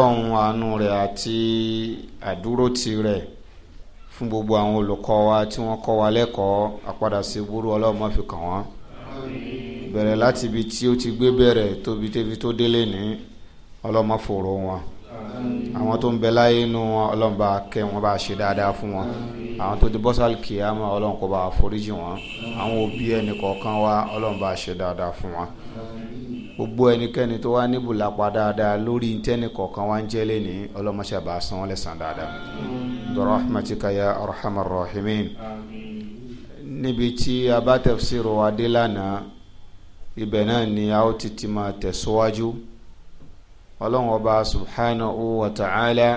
ọlọ́run àánú rẹ̀ àti àdúrótì rẹ̀ fún gbogbo àwọn olùkọ́ wa tí wọ́n kọ́ wa lẹ́kọ̀ọ́ àpadà sí burú ọlọ́run má fi kàn wọ́n bẹ̀rẹ̀ láti ibi tí ó ti gbé bẹ̀rẹ̀ tóbi tẹ́bi tó délé ní ọlọ́run má fòrò wọn àwọn tó ń bẹ láyé inú wọn ọlọ́run bá kẹ́ wọn bá ṣe dáadáa fún wọn àwọn tó ti bọ́sàl kìámà ọlọ́run kó bá foríjì wọn àwọn òbí ẹnì kọ̀ọ̀kan wa ọlọ́run bá ṣe dáadáa fún wọn gbogbo ẹnikẹ́ni tó wá níbù lápá dáadáa lórí ntẹ́ni kọ̀ọ̀kan wá ń jẹ́ lẹ́ni ọlọ́mọṣẹ́bà san wọ́n lè san dáadáa dọ̀rọ̀ ahmadika ya arhamar rahimin níbi tí a bá tafsiru wa ibẹ̀ náà ni a ó ti ti máa tẹ̀síwájú ọlọ́run ọba subhanahu wa ta'ala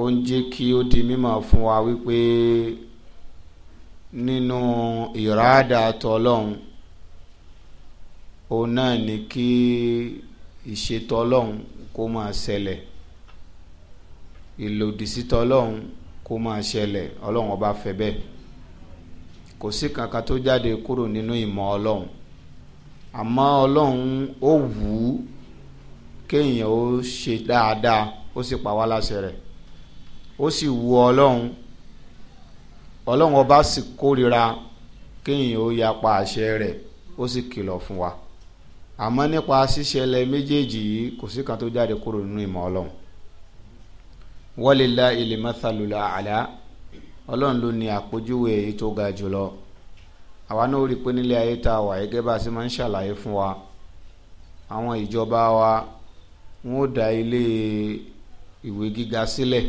ó ń jẹ́ kí ó di mímọ̀ fún wa wípé nínú ìrádà tọ́lọ́run òun náà ni kí ìṣètò ọlọ́run kó máa ṣẹlẹ̀ ìlòdì sítọ ọlọ́run kó máa ṣẹlẹ̀ ọlọ́run ọba fẹ́ bẹ́ẹ̀ kò sí kankan tó jáde kúrò nínú ìmọ̀ ọlọ́run àmọ́ ọlọ́run ó wù ú kéèyàn ó ṣe dáadáa ó sì pa wá láṣẹ rẹ̀ ó sì wù ọlọ́run ọlọ́run ọba sì kórira kéèyàn ó yapa àṣẹ rẹ̀ ó sì kìlọ̀ fún wa àmọ́ nípa ṣíṣẹlẹ̀ méjèèjì yìí kò sí kan tó jáde kúrò nínú ìmọ̀ ọlọ́run walillahi limathalul a'la ọlọ́run ló ní àpèjúwe èyí tó ga jùlọ àwa náà rí i pé nílé ayé tá a wà gẹ́gẹ́ bá a ṣe máa ń ṣàlàyé fún wa àwọn ìjọba wa wọn ò dá ilé ìwé gíga sílẹ̀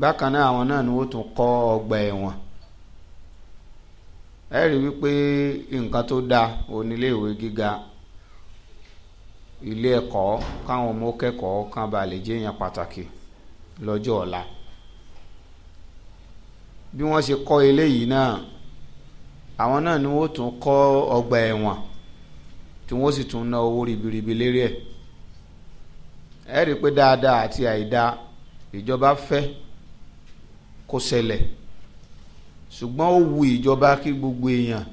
bákan náà àwọn náà ni wọ́n tún kọ́ ọgbà ẹ̀wọ̀n ẹ rí wípé nǹkan tó dáa oníléèwé gíga ilé ẹ̀kọ́ káwọn ọmọ kẹ́kọ̀ọ́ kan bá lè jẹ́yàn pàtàkì lọ́jọ́ ọ̀la bí wọ́n ṣe kọ́ eléyìí náà àwọn náà ni wọ́n tún kọ́ ọgbà ẹ̀wọ̀n tí wọ́n sì tún ná owó ribiribi lérí ẹ̀ ẹ rí pé dáadáa àti àìdáa ìjọba fẹ́ kó ṣẹlẹ̀ ṣùgbọ́n ó wu ìjọba kí gbogbo èèyàn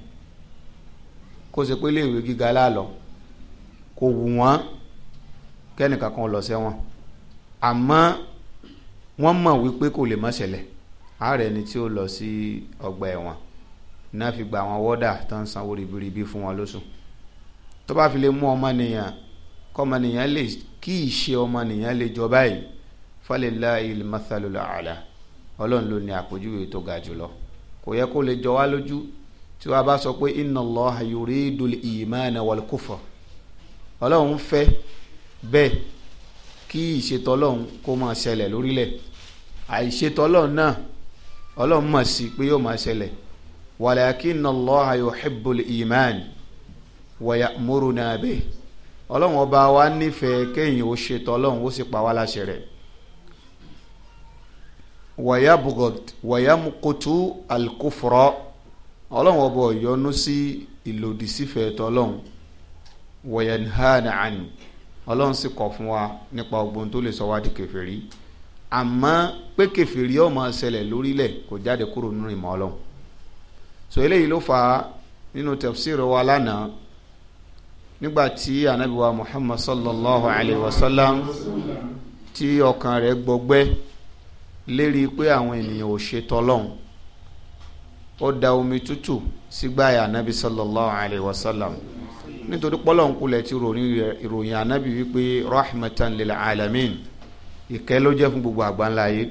kó ṣe pé iléèwé gíga láàlọ́ kò wù wọ́n kẹ́nìkan kan lọ sẹ́wọ̀n àmọ́ wọ́n mọ̀ wípé kò lè má ṣẹlẹ̀ ààrẹ ni tí ó lọ sí ọgbà ẹ̀wọ̀n náà fi gba àwọn wọ́dà tó ń sanwó ribiribi fún wọn lóṣù tó bá fi lè mú ọmọnìyàn kọ́mọnìyàn lè kí ìṣe ọmọnìyàn lè jọ báyìí falillahi al-mathalul a'la ọlọ́run ló ní àpèjúwe tó ga jùlọ kò yẹ kó lè jọ wá lójú tí wàá bá sọ pé inna Allaha yuridul imana wal kufra ọlọ́run fẹ́ bẹ́ẹ̀ kí ìṣètò ọlọ́run kó máa ṣẹlẹ̀ lórílẹ̀ àìṣètò ọlọ́run náà ọlọ́run mọ̀ sí pé yóò máa ṣẹlẹ̀ walakinna Allaha yuhibbul iman wa ya'muruna bihi ọlọ́run ọba wa nífẹ̀ẹ́ kéèyàn ó ṣètò ọlọ́run ó sì pa wá láṣẹ rẹ̀ wayabugod wayamukutu alkufrọ ọlọ́run ọba ọ̀yọ́nú sí ìlòdì sífẹ̀ẹ́ tọ́lọ́run wayanhana ani ọlọ́run sì kọ̀ fún wa nípa ọgbọ́n tó lè sọ wá di kẹfìrí àmọ́ pé kẹfìrí ó máa ṣẹlẹ̀ lórílẹ̀ kò jáde kúrò nínú ìmọ̀ ọlọ́run so eléyìí ló fà nínú tafsir wa lánàá nígbàtí anabiwa muhammad sallallahu alaihi wa sallam tí ọkàn rẹ̀ gbọgbẹ́ lérí pé àwọn ènìyàn ò ṣe tọlọ́hún ó da omi tútù sígbáyà anabi sallallahu alayhi wa sallam nítorí pọ́lọ́hún ti ìròyìn anabi wípé rahmatan lil alamin ìkẹ́ ló jẹ́ fún gbogbo àgbáńlá yìí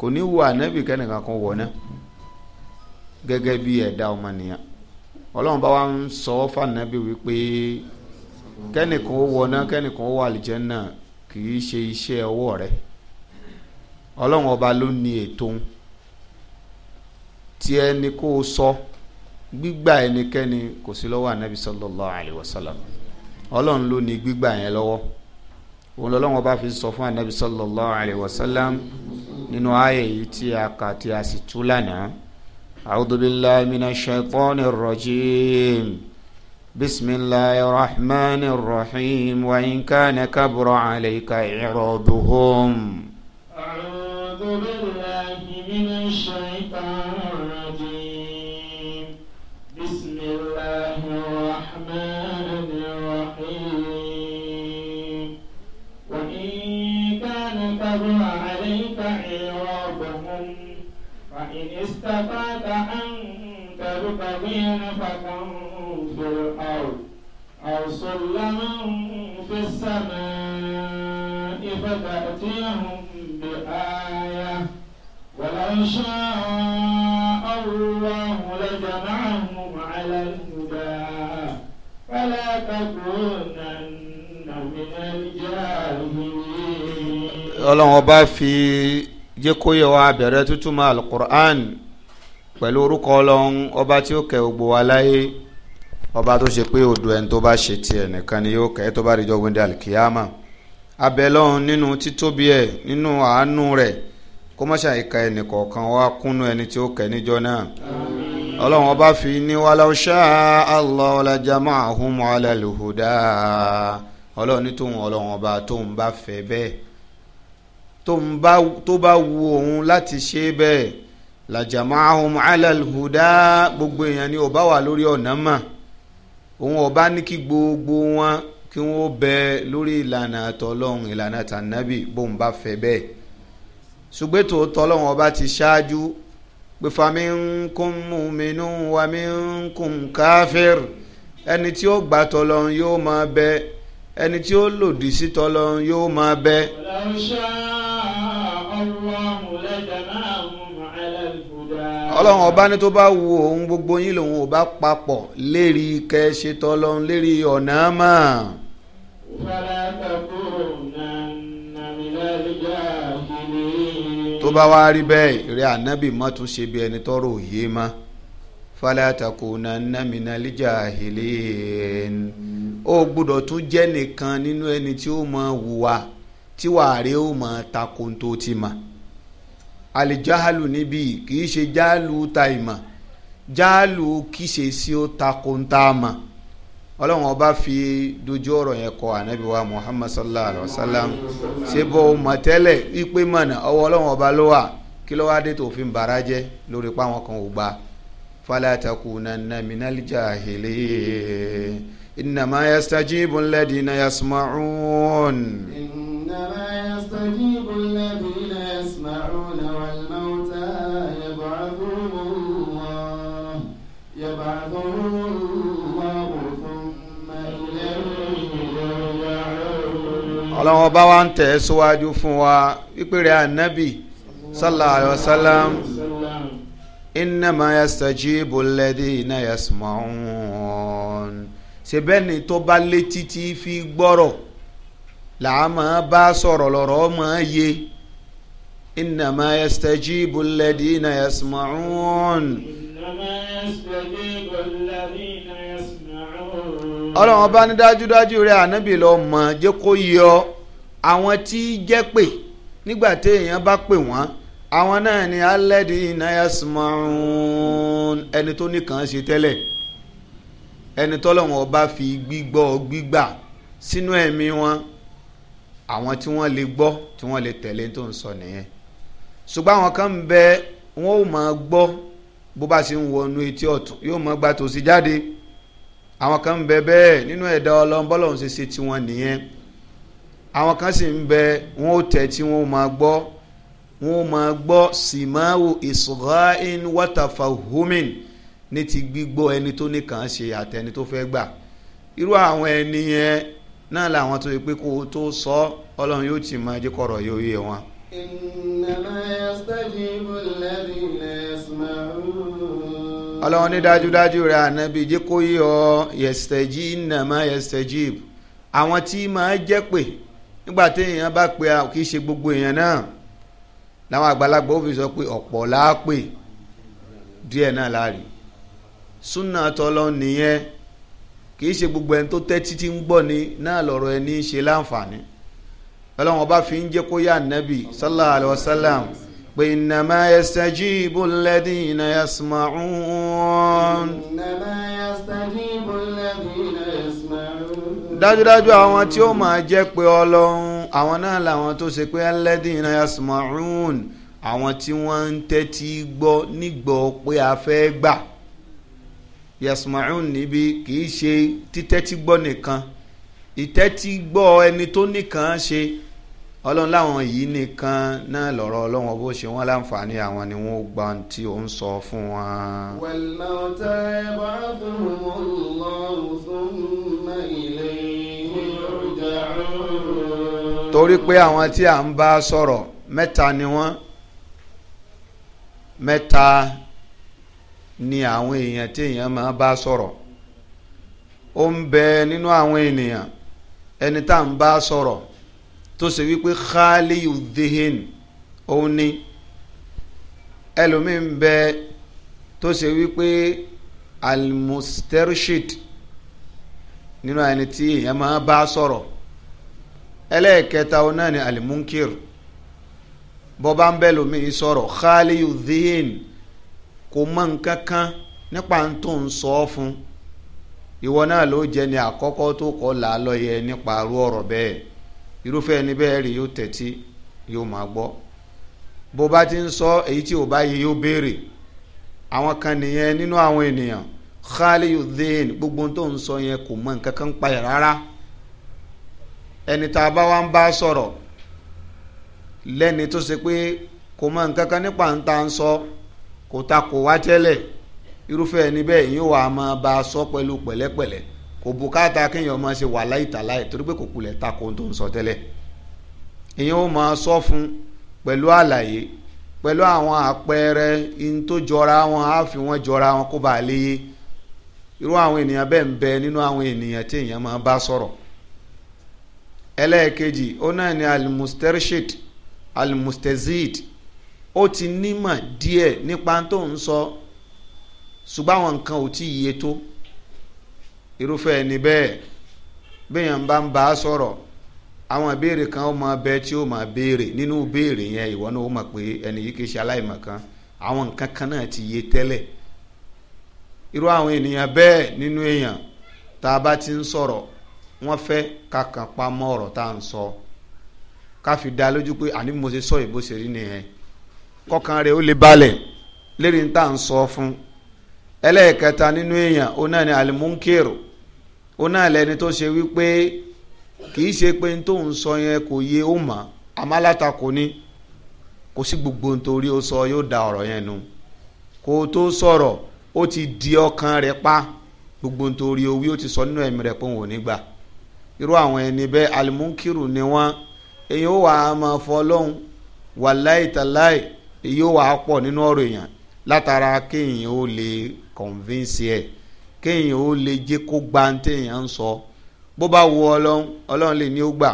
kò ní wo anabi kẹ́nìkan kan wọ̀ náà gẹ́gẹ́ bí ẹ̀dá ọmọnìyàn ọlọ́run bá wa ń sọ fànàbí wípé kẹ́nìkan ó wọná kẹ́nìkan ó wà àlìjẹ́nnà kì í ṣe iṣẹ́ ọwọ́ rẹ̀ ọlọ́run ọba ló ní ètò ń tí ẹni kó o sọ gbígbà ẹnikẹ́ni kò sí lọ́wọ́ ànábi sallallahu alayhi wa sallam ọlọ́run ló ní gbígbà yẹn lọ́wọ́ òun lọ́lọ́run ọba fi sọ fún ànábi sallallahu alayhi wa nínú ààyè yìí tí a kà tí a sì tú lánàá a'udhu billahi minash shaitanir rajim. بسم الله الرحمن الرحيم وإن كان كبر عليك إعراضهم أعوذ بالله من الشيطان الرجيم بسم الله الرحمن الرحيم وإن كان كبر عليك إعراضهم فإن استطعت أن تبتغي نفقا في الأرض أو سلما في السماء فتأتيهم بآية ولو شاء الله لجمعهم على الهدى فلا تكونن من الجاهلين ọlọ́run ọba fi jẹ́ kó yẹ wa bẹ̀rẹ̀ tútùmọ̀ alukur'an pẹ̀lú orúkọ ọlọ́run ọba tí ó kẹ́ gbogbo wa láyé ọba tó ṣe pé odò ẹni tó bá ṣe tiẹ̀ nìkan ni yóò kẹ́ tó bá rí jọ́gbọ́ndé alikiyama abẹ́ lọ́run nínú títóbi ẹ̀ nínú àánú rẹ̀ kọmọṣà ìka ẹnì kọ̀ọ̀kan wa kúnnú ẹni tí ó kẹ́ níjọ́ náà ọlọ́run ọba fi ní walaw sha'a Allahu la jama'ahum 'ala al-huda ọlọ́run ní tòun ọlọ́run ọba tóun bá fẹ́ bẹ́ẹ̀ tó bá wu òun láti ṣe bẹ́ẹ̀ la jama'ahum 'ala al-huda gbogbo èèyàn ni ó wà lórí ọ̀nà mà òun ọba ní kí gbogbo wọn kí wọn bẹ lórí ìlànà àtọlọ́run ìlànà tànàbì bóun bá fẹ́ bẹ́ẹ̀ ṣùgbọ́n tòótọ́ ọlọ́run ọba ti ṣáájú pé faminkum mu'minun wa minkum káfíìr ẹni tí ó gbà tọ́lọ́run yóò máa bẹ ẹni tí ó lòdì sí tọ́lọ́run yóò máa bẹ. ọlọ́run ọba ní tó bá wu òun gbogbo yín lòun ò bá papọ̀ lérí kẹ́ ṣe tọ́lọ́run lérí ọ̀nà mọ́ tó bá wá rí bẹ́ẹ̀ rẹ ànábì má tún ṣe bí ẹni tọ́rọ̀ òye mọ́ fala takunanna minal jahilin ó gbọ́dọ̀ tún jẹ́ nìkan nínú ẹni tí ó mọ hùwà tí wàá rí ó mọ takò tó ti mọ̀ àlìjáhàlù níbí kì í ṣe jáàlù ta ìmọ̀ jáàlù kìí ṣe sí ó takò tá mọ̀ ọlọ́run ọba fi dojú ọ̀rọ̀ yẹn kọ ànábì wa muhammad sallallahu alayhi wa sallam ṣe bó o mọ̀ tẹ́lẹ̀ wípé mọ̀nà ọwọ́ ọlọ́run ọba ló wà kí ló wá dé tó fi ń bara jẹ́ lórí páwọn kan ò gba fala takunanna minal jahilin innama yastajibu alladhina yasma'un. innama yastajibu alladhina yasma'un wal. ọlọ́run ọba wa ń tẹ̀ síwájú fún wa wípé rẹ̀ ànábì sallallahu alayhi wa sallam innama yastajibu alladhina yasma'un ṣebẹ́ni tó bá létí tí fi gbọ́rọ̀ làá bá sọ̀rọ̀ lọ́rọ̀ máa yé innama yastajibu alladhina yasma'un. innama yastajibu ọlọ́run ọba ní dájúdájú rẹ̀ ànábì lọ mọ̀ jẹ́ kó yọ àwọn tí í jẹ́ pè nígbà tí èèyàn bá pè wọ́n àwọn náà ni alẹ́dì nayasmarun ẹni tó nìkan ṣe tẹ́lẹ̀ ẹni tọ́lọ́run ọba fi gbígbọ́ gbígbà sínú ẹ̀mí wọn àwọn tí wọ́n lè gbọ́ tí wọ́n lè tẹ̀lé tó ń sọ nìyẹn ṣùgbọ́n àwọn kan ń bẹ wọn ò máa gbọ́ bó bá ṣe ń wọnú etí ọ̀tún yóò máa gbà tòsí jáde àwọn kan ń bẹ bẹ́ẹ̀ nínú ẹ̀dá ọlọ́run bọ́lọ́run ṣe ṣe tiwọn nìyẹn àwọn kan sì ń bẹ wọn ò tẹ̀ tí wọn ò máa gbọ́ wọn ò máa gbọ́ simawo ní ti gbígbọ́ ẹni tó ní kàn án ṣe àtẹni tó fẹ́ gbà irú àwọn ẹni yẹn náà làwọn tó yẹ pé kó o sọ ọlọ́run yóò ti máa yóò wọn. ọlọ́run ní dájúdájú rẹ̀ ànábì jẹ́ kó yí ọ yẹ̀sẹ̀jì nàmá yẹ̀sẹ̀jì àwọn tí máa jẹ́ pè nígbà tí èèyàn bá pe kì í ṣe gbogbo èèyàn náà làwọn àgbàlagbà ó fi sọ pé ọ̀pọ̀ là á pè díẹ̀ gbogbo ẹni tó ń gbọ́ ni náà lọ́rọ̀ ẹni ṣe ọba fi ń jẹ́ kó yá ànábì pé innama yastajibu alladhina yasma'un. innama yastajibu alladhina yasma'un. dájúdájú àwọn tí ó máa jẹ́ pé ọlọ́run àwọn náà làwọn tó ṣe pé alladhina yasma'un àwọn tí wọ́n ń tẹ́tí gbọ́ nígbọ́ pé a fẹ́ gbà yasma'un níbi kì ṣe títẹ́tí gbọ́ nìkan ìtẹ́tí gbọ́ ẹni tó nìkan ṣe ọlọ́run láwọn yìí nìkan náà lọ́rọ̀ ọlọ́run bó ṣe wọ́n láǹfààní àwọn ni wọ́n gba tí ò ń sọ fún wa. wẹ̀lá ọ̀tá ẹ bá fún un lọ́rùn fún ilé ìrọ̀jà rẹ̀. torí pé àwọn tí à ń bá sọ̀rọ̀ mẹ́ta ni wọ́n mẹ́ta ni àwọn èèyàn tí èèyàn máa bá sọ̀rọ̀ ó ń bẹ nínú àwọn ènìyàn ẹni tá à ń bá sọ̀rọ̀ tó ṣe wípé khaliyu dhihin òun ni ẹlòmíín bẹ tó ṣe wípé almustershid nínú ẹni tí èèyàn máa bá sọ̀rọ̀ ẹlẹ́ẹ̀kẹta òun náà ni alimunkir bọ́bá ń bẹ lòmíín sọ̀rọ̀ khaliyu dhihin kò mọ nǹkan kan nípa ń tó ń sọ ọ́ fún ìwọ náà ló jẹ́ ni àkọ́kọ́ tó kọ́ làálọ́ yẹ nípa arú ọ̀rọ̀ bẹ́ẹ̀ irúfẹ́ ẹni bẹ́ẹ̀ rí yóò tẹ́tí yóò máa gbọ́ bó bá ti ń sọ èyí tí ò bá yẹ yóò béèrè àwọn kan nìyẹn nínú àwọn ènìyàn khaliyudin gbogbo tó ń sọ yẹn kò mọ nǹkan kan payà rárá ẹni tá a bá wá ń bá sọ̀rọ̀ lẹ́ni tó ṣe pé kò mọ nǹkan kan nípa ń ta ń sọ kò ta kò wá tẹ́lẹ̀ irúfẹ́ ẹni bẹ́ẹ̀ yóò wá máa bá a sọ pẹ̀lú pẹ̀lẹ́pẹ̀lẹ́ kò bùkátà kéèyàn máa ṣe wàhálà ìtàláì torí pé kò kulẹ̀ ta kó tó ń sọ tẹ́lẹ̀ èèyàn ó máa sọ fún pẹ̀lú àlàyé pẹ̀lú àwọn àpẹẹrẹ in tó jọra wọn á fi wọn jọra wọn kó bàa léye irú àwọn ènìyàn bẹ́ẹ̀ ń bẹ nínú àwọn ènìyàn tí èèyàn máa bá sọ̀rọ̀ ẹlẹ́ẹ̀kejì ó náà ní alimustershid alimustezid ó ti nímọ̀ díẹ̀ nípa tó ń sọ ṣùgbọ́n àwọn nǹkan ò tí ì yé tó. irúfẹ́ ẹni bẹ́ẹ̀ béèyàn bá ń bá a àwọn ìbéèrè kan ó máa bẹ tí ó máa béèrè nínú béèrè yẹn ìwọ náà ó mọ̀ pé ẹni yìí kì í ṣe kan àwọn nǹkan kan náà ti yé tẹ́lẹ̀ irú àwọn ènìyàn bẹ́ẹ̀ nínú ti ń sọ̀rọ̀ wọ́n fẹ́ ká kàn pa mọ́ ọ̀rọ̀ tá à ń sọ ká fi dá lójú pé àní mo ṣe sọ ìbò ṣe rí nìyẹn alimunkeru ó náà lẹni tó ṣe wípé kì í ṣe pé tó ń sọ yẹn kò yé ó mọ̀ amálátakò ni kò sí gbogbo nítorí ó sọ yóò da ọ̀rọ̀ yẹn nu kó o tó sọ̀rọ̀ ó ti di ọkàn rẹ̀ pa gbogbo nítorí owí ó ti sọ nínú ẹ̀mí rẹ̀ pé òun ò ní gbà irú àwọn ẹni bẹ́ẹ̀ alimunkiru ni wọ́n èyí ó wà á máa fọ lọ́hùn wàláì tàláì èyí ó wà á pọ̀ nínú ọ̀rọ̀ èèyàn látara kéèyàn ó lè convince ẹ̀ kéèyàn ó lè jẹ́ kó gba ní téèyàn ń sọ bó bá wù ọlọ́run ọlọ́run lè ní ó gbà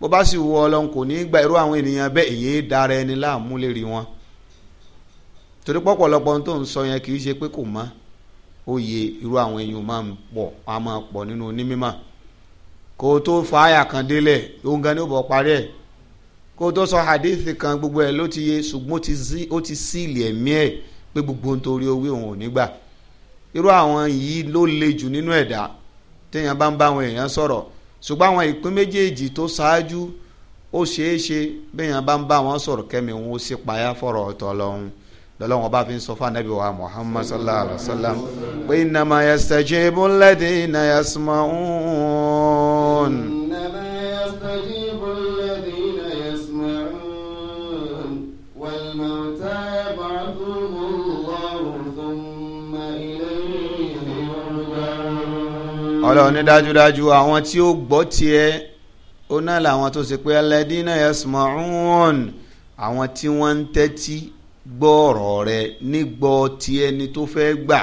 bó bá sì wù ọlọ́run kò ní í gba irú àwọn ènìyàn bẹ́ẹ̀ èyí dára ẹni láàmú lè rí wọn torí pọ̀pọ̀lọpọ̀ tó ń sọ yẹn kì í ṣe pé kò mọ́ òye irú àwọn èèyàn máa ń pọ̀ a máa pọ̀ nínú onímọ̀ kó o tó fa àyà kan délẹ̀ òun gan ni ó bọ̀ parí ẹ̀ kó o tó sọ hadith kan gbogbo ẹ̀ ló ti yé ṣùgbọ́n ó ti síìlì ẹ̀mí ẹ̀ pé gbogbo nítorí owó òun ò ní gbà irú àwọn yìí ló le jù nínú ẹ̀dá téèyàn bá ń bá àwọn èèyàn sọ̀rọ̀ ṣùgbọ́n àwọn ìpín méjèèjì tó ṣáájú ó ṣeé ṣe béèyàn bá ń bá wọn sọ̀rọ̀ kẹ́mi wọn ó sì payá fọ̀rọ̀ ọ̀tọ̀ lọ́hún lọ́lọ́wọ́n bá fi ń sọ fún wa muhammad sallallahu alayhi wa sallam pé ọlọ́run ní dájúdájú àwọn tí ó gbọ́ tiẹ̀ ó náà làwọn tó ṣe pé alẹ́dínà yasma'un àwọn tí wọ́n ń tẹ́tí gbọ́ ọ̀rọ̀ rẹ nígbọ́ ti ẹni tó fẹ́ gbà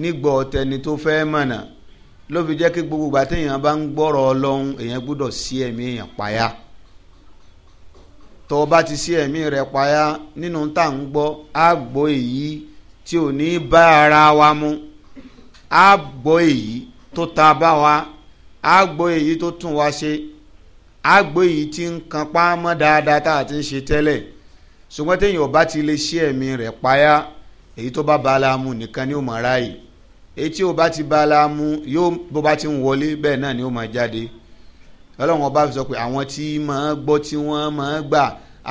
nígbọ́ tẹni tó fẹ́ mọ̀nà ló fi jẹ́ kí gbogbo ìgbà téèyàn bá ń gbọ́rọ̀ ọlọ́run èèyàn gbọ́dọ̀ sí ẹ̀mí èèyàn payá tó o bá ti sí ẹ̀mí rẹ payá nínú tá à ń gbọ́ á gbọ́ èyí tí ò ní bá ara wa mu á gbọ́ èyí tó ta bá wa á gbọ́ èyí tó tún wa ṣe á gbọ́ èyí tí ń kan pámọ́ dáadáa tá a ti ń ṣe tẹ́lẹ̀ ṣùgbọ́n téèyàn bá ti lè ṣí ẹ̀mí rẹ̀ payá èyí tó bá balamu nìkan ni ó máa ráàyè èyí tí ó ti balamu yóò bó bá ti ń wọlé bẹ́ẹ̀ náà ni ó máa jáde ọlọ́run ọba sọ pé àwọn tí máa gbọ́ tí wọ́n máa gbà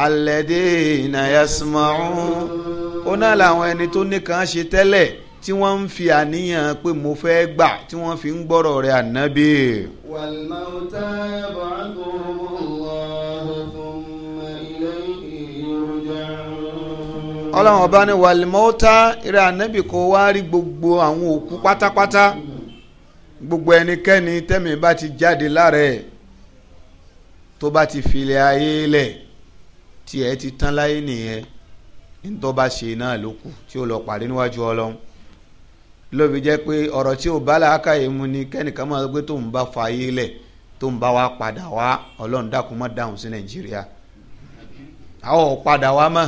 alẹ́dẹ́ ìnáyà sùnmọ́ ọ̀hún ó náà làwọn ẹni tó nìkan ṣe tẹ́lẹ̀ tí wọ́n ń fi àníyàn pé mo fẹ́ gbà tí wọ́n fi ń gbọ́rọ̀ rẹ̀ ànábì. wàlmáwùtá yàbọ̀ àgọ́rùn-ún thumma ilayhi yurja'un. ọlọ́run ọba ní wàlmáwùtá rẹ̀ ànábì kó wá rí gbogbo àwọn òkú pátápátá gbogbo ẹnikẹ́ni tẹ́mi bá ti jáde lára ẹ̀ tó bá ti filẹ̀ ayé lẹ̀ tí ẹ ti tán láyé nìyẹn ní tó bá ṣe náà ló kù tí ó lọ pàdé níwájú ọlọ́run ló fi jẹ́ pé ọ̀rọ̀ tí ò bá làákàyè mu ni kẹ́nìkan máa gbé tó ń bá fa ayé lẹ̀ tó ń bá wa padà wá ọlọ́run dákun má dáhùn sí nàìjíríà àwọn ò padà wá mọ́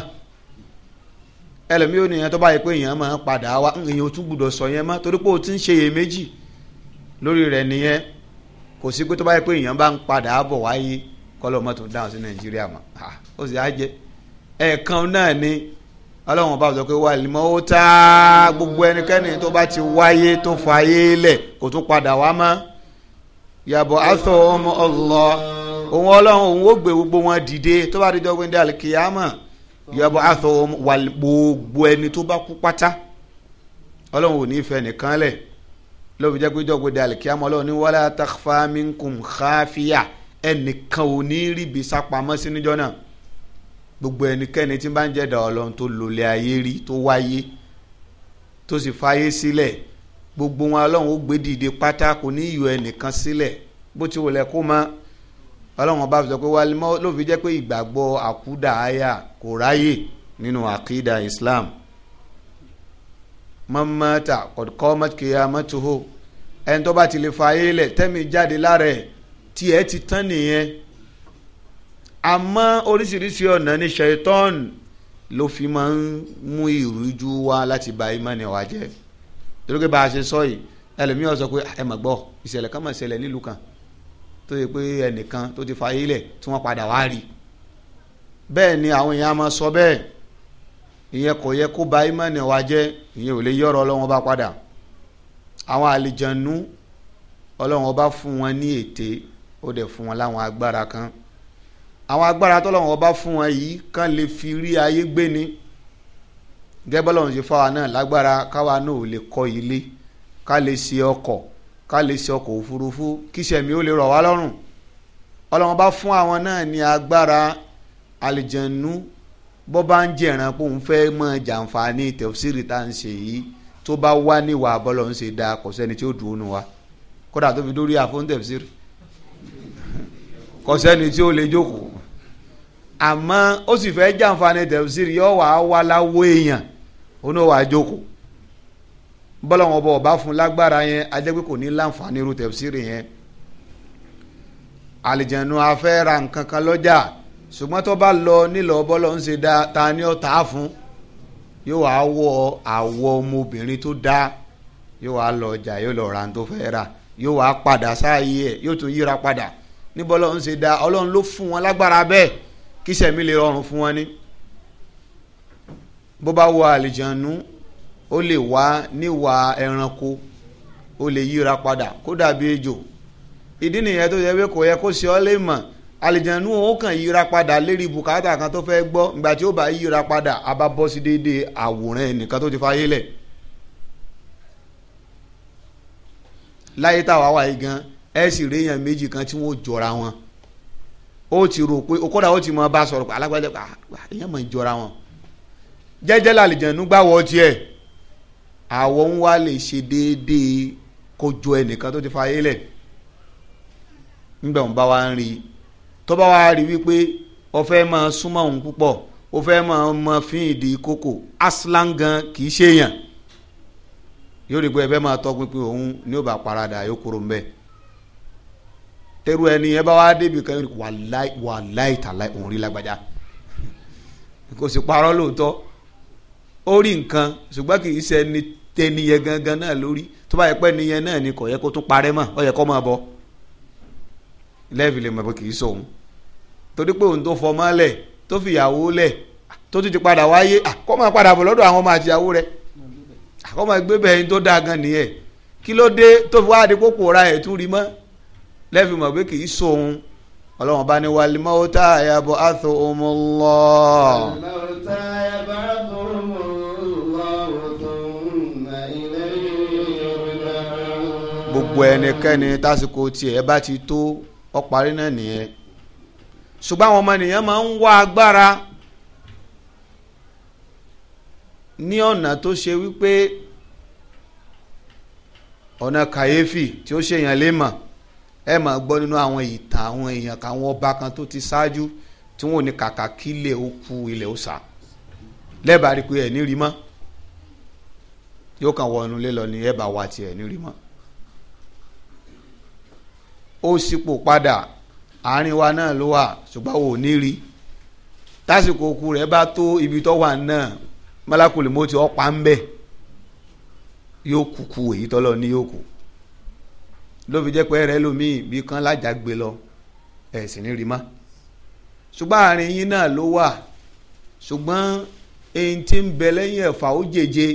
ẹlòmíì ò nìyẹn tó bá yẹ pé èèyàn máa padà wá èèyàn ò tún gbúdọ̀ sọ yẹn mọ́ torí pé o ti ń ṣe iyèméjì lórí rẹ̀ nìyẹn kò sí pé tó bá yẹ pé èèyàn bá ń padà bọ̀ wáyé kọ́lọ́ mọ́ tó ń dáhùn sí nàìjíríà mọ́ ó sì á jẹ ẹ̀ẹ̀kan náà ni ọlọ́run bá sọ pé wà lè mọ ó tá gbogbo ẹnikẹ́ni tó bá ti wáyé tó fàyé lẹ̀ kò tún padà wá mọ́ yàbọ̀ aṣọ ọmọ ọlọ òun ọlọ́run òun ó gbé gbogbo wọn dìde tó bá dijọ́ gbé dàlẹ́ kìyàmọ̀ yàbọ̀ aṣọ ọmọ wà gbogbo ẹni tó bá kú pátá ọlọ́run ò ní fẹ́ nìkan lẹ̀ lóbi jẹ́ pé jọ́gbé dàlẹ́ kìyàmọ̀ ní wala takfa minkum khafiya ẹnìkan ò ní ríbi sápamọ́ sínú jọ náà gbogbo ẹnikẹ́ni tí bá ń jẹ́dà ọlọ́run tó lòlẹ̀ ayé rí tó wáyé tó sì fáyé sílẹ̀ gbogbo wọn ọlọ́run ó gbé dìde pátá kò ní ìyọ ẹnìkan sílẹ̀ bó ti wọlẹ̀ kó mọ́ ọlọ́run bá sọ pé wàlímọ́ ló fi jẹ́ pé ìgbàgbọ́ àkúdà àyà kò ráyè nínú àkídà Islam mọ́mọ́ta kọ̀dùkọ́ mọ́tìkìyà mọ́tòhó ẹni tó bá ti lè fààyè lẹ̀ tẹ́mi jáde lára ẹ̀ tí ẹ ti tán nìyẹn àmọ́ oríṣiríṣi ọ̀nà ni ṣaitan ló fi máa ń mú ìrújú wá láti ba ìmánì wa jẹ́ torókè bá a ṣe sọ yìí ẹlòmíràn sọ pé ẹ mà gbọ́ ìṣẹ̀lẹ̀ kan mà ṣẹlẹ̀ nílùú kan tó yẹ pé ẹnìkan tó ti fa ilẹ̀ tí wọ́n padà wá rí bẹ́ẹ̀ ni àwọn èèyàn máa sọ bẹ́ẹ̀ ìyẹn kò yẹ kó ba ìmánì wa jẹ́ ìyẹn ò lè yọ̀rọ̀ ọlọ́wọ́n bá padà àwọn àlìjànú ọlọ́wọ́n bá fún wọn ní ète ó dẹ̀ fún wọn láwọn agbára kan àwọn agbára tọ́lọ́run ọba fún wọn yìí kán lè fi rí ayé gbé ni gẹ́bọ́lọ́run ṣe fáwa náà lágbára káwa náà ò lè kọ́ ilé ká lè ṣe ọkọ̀ ká lè ṣe ọkọ̀ òfurufú kíṣẹ̀mí ó lè rọ̀ wá lọ́rùn ọlọ́run bá fún àwọn náà ní agbára àlìjẹ̀nú bó bá ń jẹ̀ràn pé òun fẹ́ mọ jàǹfààní tẹ̀síìrì tá à ń ṣe yìí tó bá wá níwà bọ́lọ̀ ṣe dáa kò sẹ́ni tí ó dùn ún wa kódà tó fi dórí àfọ́ńtẹ̀síìrì kò sẹ́ni tí ó lè jókòó àmọ́ ó sì fẹ́ jàǹfààní tẹ̀síìrì yóò wá wá láwọ èèyàn oní wàá jókòó bọ́lọ́wọ́n bọ̀ ọba fún lágbára yẹn ajẹ́ pé kò ní láǹfààní irú tẹ̀síìrì yẹn àlìjẹ̀nu afẹ́ ra nǹkan kan lọ́jà ṣùgbọ́n tó bá lọ nílò bọ́lọ́ ń ṣe dá ta ni ó tà á fún yóò wá wọ àwọ ọmọbìnrin tó dá yóò wá lọ ọjà yóò lọ ra n tó fẹ́ rà yóò wá padà sáàyè yóò tún yíra padà níbo ọlọ́run ṣe dá ọlọ́run ló fún wọn lágbára bẹ́ẹ̀ kí sẹ̀mí lè rọrùn fún wọn ni bó bá wọ àlìjànú ó lè wá níwà ẹranko ó lè yíra padà kó dàbí ejò ìdí nìyẹn tó yẹ pé kò yẹ kó ṣe ọ́ lè mọ̀ àlìjànú ó kàn yíra padà lérí bùkátà kan tó fẹ́ gbọ́ ìgbà tí ó bá yíra padà a bá bọ́ sí déédéé àwòrán ẹnìkan tó ti fayé lẹ̀ láyé táwa wà gan-an ẹ sì rí èèyàn méjì kan tí wọ́n jọra wọn ó ti rò pé kódà ó ti mọ bá sọ̀rọ̀ pé alágbájá ah, ah, èèyàn mọ̀ ń jọra wọn jẹ́jẹ́ làlìjẹ̀nu gbàwọ́ tiẹ̀ àwọ̀ ń wá lè ṣe déédéé kó jọ ẹnìkan tó ti fa ayé lẹ̀ nígbà wọn bá wípé máa súnmọ́ òun púpọ̀ máa mọ fín ìdí kókò aslan gan yóò rí pé ẹ fẹ́ máa tọpinpin òun ó bá tẹ́rù ẹni yẹn bá wá débi kan yóò wàláì wàláì tàláì òun rí lágbájá kò sì parọ́ lóòótọ́ ó rí nǹkan ṣùgbọ́n kì í ṣe ẹni tẹniyẹn gangan náà lórí tó bá yẹ pé ẹniyẹn náà ni kò yẹ kó tún parẹ́ mọ́ ọ yẹ kó máa bọ̀ lẹ́ẹ̀fì lè mọ̀ pé kì í sọ òun torí pé òun tó fọmọ́ lẹ̀ tó fìyàwó lẹ̀ tó tún ti padà wáyé kó máa padà bọ̀ lọ́dọ̀ àwọn ọmọ àtìyàwó rẹ̀ kó máa gbé bẹ́ẹ̀ ni tó dáa gan nìyẹn kí ló dé tó fi wá àdìpọ̀ pòórá ẹ̀ tún rí mọ́ lẹ́ẹ̀fì mọ̀ pé kì í ọlọ́run bá ní wàlí mọ́wótá àyàbọ̀ àtò àyàbọ̀ àtò òmùlọ́ ọ̀tọ̀ọ̀nà ilẹ̀ yorùbá. gbogbo ẹnikẹ́ni tásìkò tiẹ̀ bá ti tó ọparí náà nìyẹn ṣùgbọ́n àwọn ọmọ nìyẹn máa ń wá agbára ní ọ̀nà tó ṣe wípé ọ̀nà kàyéfì tí ó ṣèyàn lè ẹ máa gbọ́ nínú àwọn ìtàn àwọn èèyàn káwọn ọba kan tó ti ṣáájú tí wọn ò ní kàkà kí ilẹ̀ ó ku ilẹ̀ ó sá lẹ́ẹ̀bà rí pé ẹ̀ ní rí mọ́ yóò kàn wọ inú ilé lọ ní ẹ̀bà wa tiẹ̀ ní mọ́ ó sípò padà àárín wa náà ló wà ṣùgbọ́n ò ní rí tásìkò òkú rẹ̀ bá tó ibi tó wà náà malakuli ti ọ̀pá ń bẹ̀ yóò kúkú èyí tọ́lọ́ ní yóò kú ló fi jẹ́ pé rẹ lómiì bí kan lájà gbé lọ ẹ̀ sì ní rí má ṣùgbọ́n àárín yín náà ló wà ṣùgbọ́n èyí tí ń bẹ lẹ́yìn ẹ̀fà ó jèjé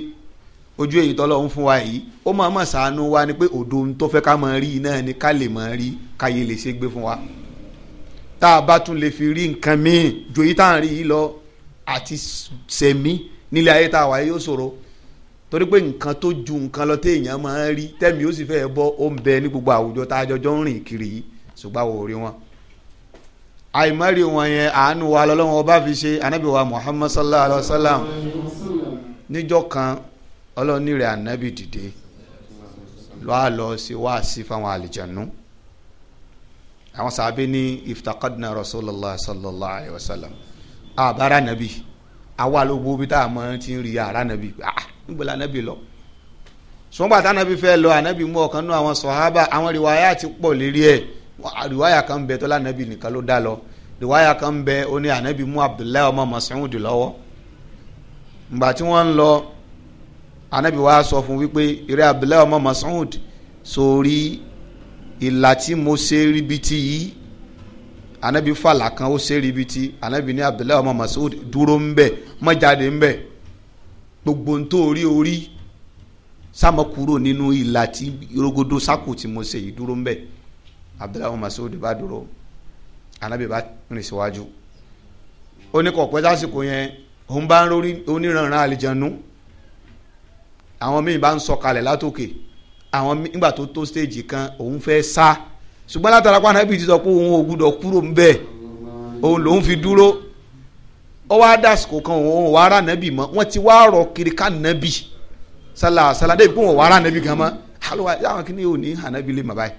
ojú èyí tọ́lọ́ ń fún wa yìí ó máa ma ṣàánú wa ni pé òdo tó fẹ́ ká máa rí náà ni ká lè máa rí káyé lè ṣe gbé fún wa tá a bá tún lè fi rí nǹkan míì ju èyí tá à ń rí yìí lọ àti sẹ̀mí nílé ayé tá a wà yóò ṣòro torí pé nǹkan tó ju nǹkan lọ téèyàn máa ń rí tẹ́mi ó sì fẹ́ bọ́ ó ń bẹ ní gbogbo àwùjọ tá a jọjọ́ ń rìn kiri yìí ṣùgbọ́n àwọn ò rí wọn. àìmọ́rí wọn yẹn àánú wa lọ́lọ́wọ́n ọba fi ṣe anábì wa muhammad sallallahu alayhi wa sallam níjọ́ kan ọlọ́ọ̀ni rẹ̀ anábì dìde lọ́ọ́ lọ sí wáàsí fáwọn àlìjànú àwọn sàbẹ̀ ní iftaqadna rasulillah sallallahu alayhi wa sallam àbára nàbì àwa ló gbó tá a mọ̀ ti ń rí àrà nàbì ah nígbèlà anábì lọ ṣùgbọ́n bàtà anábì fẹ́ lọ anábì mú ọ̀kan nú àwọn sọ̀hábà àwọn rìwáyà ti pọ̀ lérí ẹ̀ rìwáyà kan bẹ tọ́lá anábì nìkan ló dá lọ rìwáyà kan bẹ ó ní anábì mú Abdullahi ọmọ Mas'ud lọ́wọ́ ngbà tí wọ́n ń lọ anábì wa sọ fún wípé eré Abdullahi ọmọ Mas'ud sórí ìlà tí mo ṣe ríbitì yìí anabi fàlà kan ó ṣe ríbitì anabi ní Abdullahi ọmọ Mas'ud dúró ń bẹ má ń bẹ gbogbo ń tó orí orí sámọ kúrò nínú ìlà tí rogodo sákò tí mo ṣe yìí dúró ń bẹ abdullahi masoud bá dúró anabi bá rìn síwájú ó ní kò pẹ́ sásìkò yẹn òun bá ń rórí oníranran àlìjànú àwọn míì bá ń sọ̀kalẹ̀ látòkè àwọn nígbà tó tó stéèjì kan òun fẹ́ sá ṣùgbọ́n látara pé anabi ti sọ pé òun ò gbúdọ̀ kúrò ń bẹ òun lòun fi dúró ó wá dásìkò kan òun wà rà nàbì mọ́ wọ́n ti wá rọ kiri ká nàbì sálà sálà débi pé wọ́n wà rà nàbì gan mọ́ àlùwà àwọn kìíní ò ní ànábì lè mà báyìí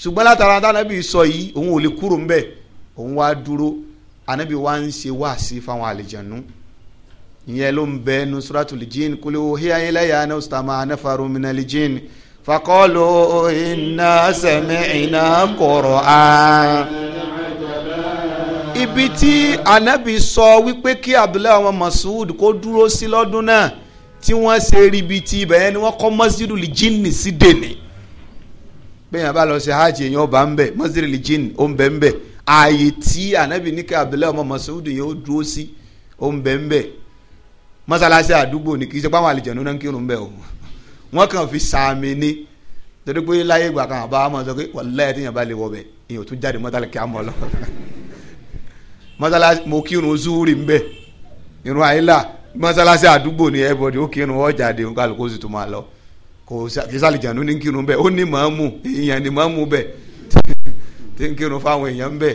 ṣùgbọ́n látara ànábì sọ yìí òun ò lè kúrò ń òun wá dúró ànábì wá ń ṣe wáàsí fáwọn àlejànú ìyẹn ló ń bẹ nusratu lijin kul uhiya ilayya anna istama'a nafaru mina lijin faqalu inna sami'na qur'an ibi tí anabi sọ wípé kí abdullahi ọmọ masoud kó dúró sí lọ́dún náà tí wọ́n ṣe ribiti ibẹ̀ ni wọ́n kọ́ masjidu lijinni sí dèní bẹ́ẹ̀ yẹn bá lọ ṣe hajj yẹn ó bá ń bẹ̀ masjidu lijinni ó ń bẹ̀ ń bẹ̀ ààyè tí anabi ní kí abdullahi ọmọ masoud yẹn ó dúró sí ó ń bẹ̀ ń bẹ̀ mọ́sálásí àdúgbò ni kì í ṣe pé àwọn àlejò náà ń kírun o wọ́n kàn fi sàmì ni torí pé láyé ìgbà kan àbá wọn sọ pé wàlúùláyà tí yẹn bá lè wọ bẹ̀ èèyàn tún jáde mọ́tàlẹ́kẹ́ àmọ́ lọ́kọ̀ọ́ mọ́sálásí mo kírun zuhuri ń bẹ̀ irun àyílà mọ́sálásí àdúgbò ní everybody ó kírun ọ̀jáde ó kálukó sì tún máa lọ kò sàlìjànú ní kírun bẹ́ẹ̀ ó ní màámù èèyàn ní màámù bẹ́ẹ̀ tí ń kírun fáwọn èèyàn ń bẹ̀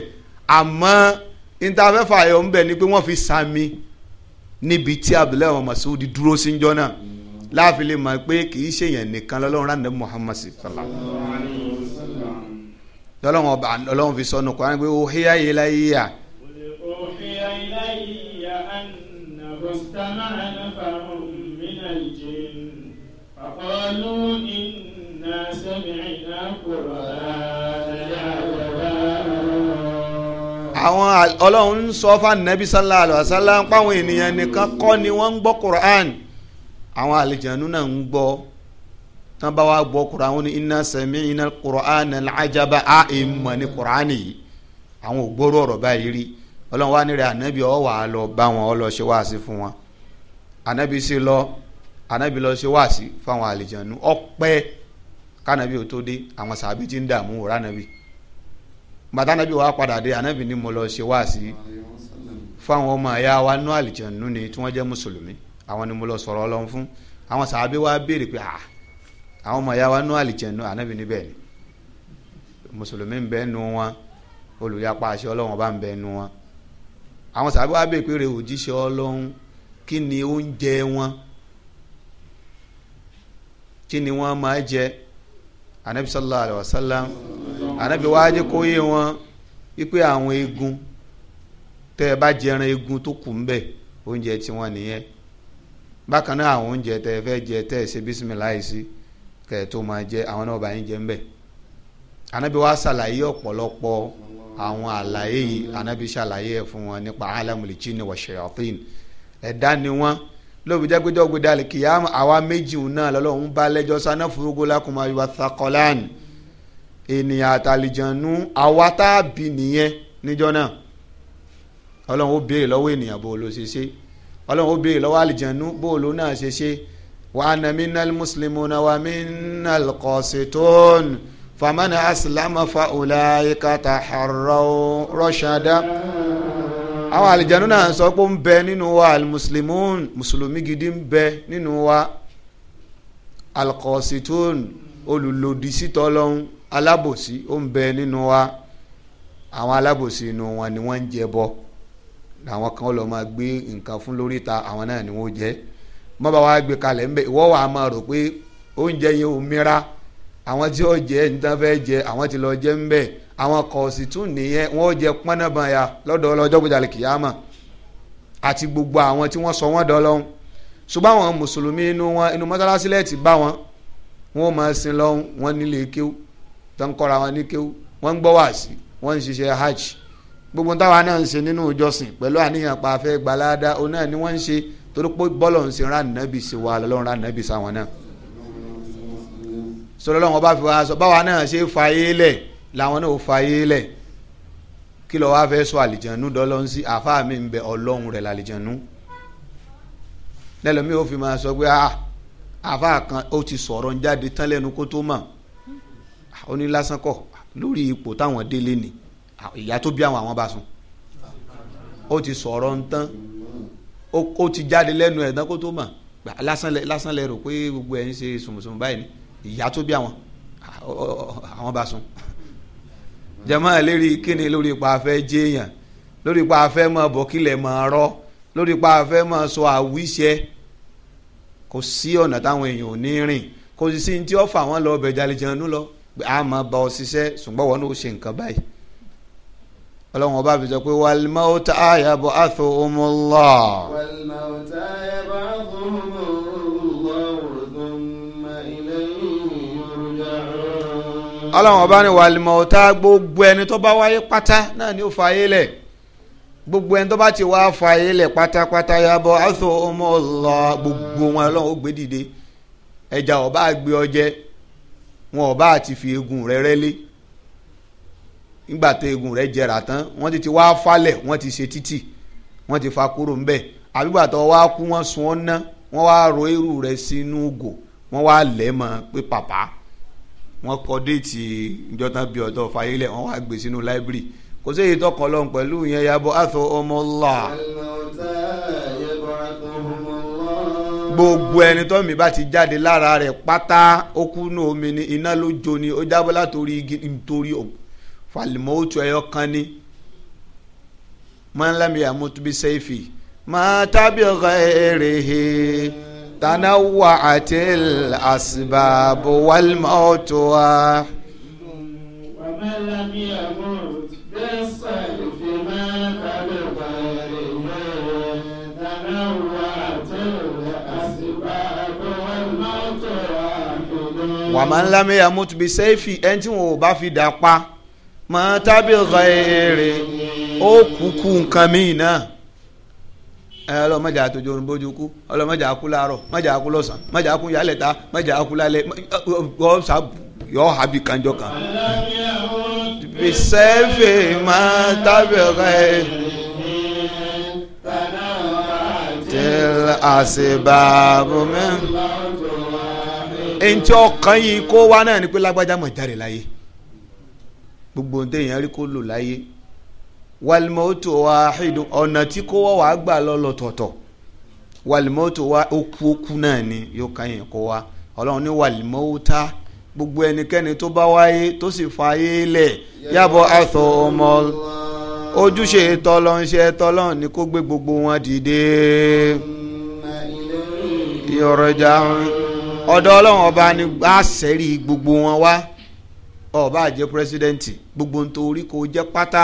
àmọ́ ìtafẹ́fà ayọ̀ ń bẹ̀ ni pé wọ́n fi sami níbi tí Abdullahi wa Masudi dúró sí njọ́ náà láàfin lè mọ̀ pé kì í ṣèyàn nìkan lọ́lọ́run ránà Muhammad sallallahu alaihi ọba lọ́lọ́run fi sọnù kọ́ ọ́n pé ó híyá yìí láyé yà. فاجتمع نفر من الجن فقالوا إنا سمعنا قرآنا àwọn ọlọ́run ń sọ fún anabi sallallahu alayhi wa sallam páwọn ènìyàn nìkan kọ́ ni wọ́n ń gbọ́ quran àwọn àlejànú náà ń gbọ́ tán bá wá gbọ́ quran wọn ni inna sami'na quran al ajaba ni quran yìí àwọn ò gbọ́rọ̀ ọ̀rọ̀ báyìí rí ọlọ́run wá nírẹ̀ ànábì ọ̀ wà á lọ bá wọn ọ lọ ṣe wáàsí fún wọn ànábì sì lọ ànábì lọ ṣe wáàsí fáwọn àlìjànú ọpẹ́ kánábì ò tó dé àwọn sàbí ti ń dààmú òrà ànábì bàtà ànábì wàá padà dé ànábì ni mo lọ ṣe wáàsí fáwọn ọmọ ẹ̀yà wa nú àlìjànú ni tí wọ́n jẹ́ mùsùlùmí àwọn ni mo lọ sọ̀rọ̀ ọlọ́run fún àwọn sàbí wa béèrè pé àwọn ọmọ ẹ̀yà wa nú àlìjànú ànábì ni bẹ́ẹ̀ ni mùsùlùmí ń bẹ nu wọn olùyapa àṣẹ ọlọ́run ọba ń bẹ nu wọn àwọn sàbí wa bèè pé òjíṣẹ́ ọlọ́run kí ni oúnjẹ wọn kí ni wọ́n máa jẹ anabi sallallahu alayhi wa sallam anabi wa wọn wípé àwọn eegun tẹ́ ẹ bá jẹran eegun tó kù bẹ̀ oúnjẹ tiwọn nìyẹn bákan náà àwọn oúnjẹ tẹ́ ẹ fẹ́ jẹ tẹ́ ẹ ṣe bísímìláì sí kẹ́ ẹ tó máa jẹ àwọn náà àwọn àlàyé yìí anabi ṣàlàyé ẹ fún wọn nípa alamul jinni wa shayatin ẹ̀dá ni wọ́n lóbi jẹ́ péjọ́ gbé dalẹ̀ kìyàmù àwa méjì náà lọ́lọ́run bá lẹ́jọ́ saná furugo lakum ayuwa thakolan ènìyàn àtàlìjànú àwa tá a bì nìyẹn níjọ́ náà ọlọ́run ó béèrè lọ́wọ́ ènìyàn bó ló ṣe ṣe ọlọ́run ó béèrè lọ́wọ́ àlìjànú bó ló náà ṣe ṣe wa ana minal muslimuna wa minal qasitun. فمن أسلم فأولئك تحروا رشدا àwọn àlìjánu náà sọ pé ń bẹ nínú wa alimuslimun mùsùlùmí gidi ń bẹ nínú wa alkọsitun olùlòdì sítọlọ́hún alábòsí ó ń bẹ nínú wa àwọn alábòsí inú wọn ni wọ́n ń jẹ bọ́ làwọn kan lọ́ọ́ máa gbé nǹkan fún lórí ta àwọn náà ni wọ́n jẹ́ mọ́ bá wa gbé kalẹ̀ ń bẹ ìwọ́ wa máa rò pé oúnjẹ yẹn ò mìíràn àwọn tí ó jẹ níta fẹ́ jẹ àwọn tí lọ jẹ ń bẹ àwọn kọ̀ọ̀sì tún nìyẹn wọ́n jẹ pọ́nàbọ̀nyà lọ́dọ̀ ọlọ́jọ́ gbọdọ̀ kìyàmà àti gbogbo àwọn tí wọ́n sọ wọ́n dọ́lọ́hún ṣùgbọ́n àwọn mùsùlùmí inú wọn inú mọ́sálásí lẹ́ẹ̀tì bá wọn wọn ò máa sin lọ́hún wọn nílé kéwú tó ń kọ́ra wọn ní kéwú wọn ń gbọ́ wàásì wọn ń ṣiṣẹ́ hajj gbogbo táwa náà ń ṣe nínú ìjọsìn pẹ̀lú àníyàn pa gbalada òun náà ni wọ́n ń ṣe torí pé bọ́lọ̀ ń ṣe rán nàbì sí wa lọ́lọ́run rán nàbì sáwọn náà sọlọ lọ́wọ́ bá fi wá sọ báwa náà ṣe fa yé lẹ̀ làwọn náà fa yé lẹ̀ kí lọ́ọ́ wá fẹ́ sọ àlìjànú dọ́lọ́n sí àáfàá mi ń bẹ ọlọ́run rẹ̀ làlìjànú lẹ́lọ́mí ò fi máa sọ pé ah, àáfàá kan ó ti sọ̀rọ̀ ń jáde tán lẹ́nu kó tó mọ̀ ó ní lásán kọ̀ lórí ipò táwọn délé ni ah, ìyá tó bí àwọn àwọn bá sùn ó ti sọ̀rọ̀ ń tán ó ti jáde lẹ́nu ẹ̀ tán kó tó mọ̀ lásán lẹ́rò pé gbogbo ẹ̀ ń ṣe sùmùsùmù báyìí ni ìyá tó bí àwọn àwọn bá sùn jama lérí kíni lórí ipa afẹ́ jéèyàn lórí ipa afẹ́ mọ bọ́kílẹ̀ mọ rọ lórí ipa afẹ́ mọ sọ àwíṣẹ kò sí ọ̀nà táwọn èèyàn ò ní rìn kò sì sí ní tí wọ́n fà wọ́n lọ ọbẹ̀ jalejanu lọ a máa bá ọ ṣiṣẹ́ ṣùgbọ́n wọn ò ṣe nǹkan báyìí ọlọ́run ọba fi sọ pé wal mauta yab'athuhumullah. wal mauta yab'athuhumullah. ọlọ́run ọba ní wàlímọ̀ ọ̀tá gbogbo ẹni tó bá wáyé pátá náà ni ó fa ayé lẹ̀ gbogbo ẹni tó bá ti wá fa ayé lẹ̀ pátápátá yabọ̀ àtò ọmọ ọ̀la gbogbo wọn ọlọ́run ó gbé dìde ẹja ọba gbé ọjẹ wọn ọba àti fi eegun rẹ rẹ́lé nígbà tó eegun rẹ jẹrà tán wọ́n ti ti wá falẹ̀ wọ́n ti ṣe títì wọ́n ti fa kúrò ńbẹ̀ àbígbà tó wá kú wọ́n sun ọ́n ná wọ́n wá ro irú rẹ̀ sínú ògò wọ́n wá lẹ̀ pé pàpà wọn kọ déètì ìjọta bíi ọdọ fàyílẹ̀ wọ́n wá gbé sínú láìbírì kò sí tọkọ lọ́n pẹ̀lú ìyẹn yabọ́ àtọ ọmọ gbogbo ẹni tó mi bá ti jáde lára rẹ̀ pátá ó kú ní omi ni iná ló ni ó jábọ́ látòrí igi nítorí falimọ́ ó tu ẹyọ kan ni tó bí sẹ́ẹ̀fì máa تنوعت الأسباب والموت واحد ومن لم يموت بالصرف ما كبغيره تنوعت الأسباب والموت واحد ومن لم يموت بسيف ẹni tí wọn ò bá fi dà pa mọ́ tàbí ọlọmọdé àtòjò òrùn bójú kú ọlọmọdé àkú láàárọ̀ mọdé àkú lọ́sàn mọdé àkú yálẹta mọdé àkú lálẹ́ yọ sá yọ habi kanjọ kan. bisẹ́fẹ̀ máa tábìlì rẹ̀ tẹ̀lé àṣìbà bùnmí. eŋti ọkàn yìí kó wa náà ni pé lágbájá mọ̀ jáde láyé gbogbo ntẹ̀yìn arí kó lò láyé walimoto wahidu ọ̀nà tí kó wá wàá gbà lọ́lọ́tọ̀ọ̀tọ̀ walimoto wa okú okú náà ni yóò ká yẹn kó wa ọlọ́run ní walimota gbogbo ẹnikẹ́ni tó bá wáyé tó sì fa ayé lẹ̀ yàbọ̀ àtọ̀ ọmọ ojúṣe tọ́lọ́nṣẹ́ tọ́lọ́n ni kó gbé gbogbo wọn dìde ìrọ̀jà ọ̀dọ̀ ọlọ́run ọba ni bá sẹ́rí gbogbo wọn wá ó bá jẹ́ pírẹsidẹ́ǹtì gbogbo nítorí kò jẹ́ pátá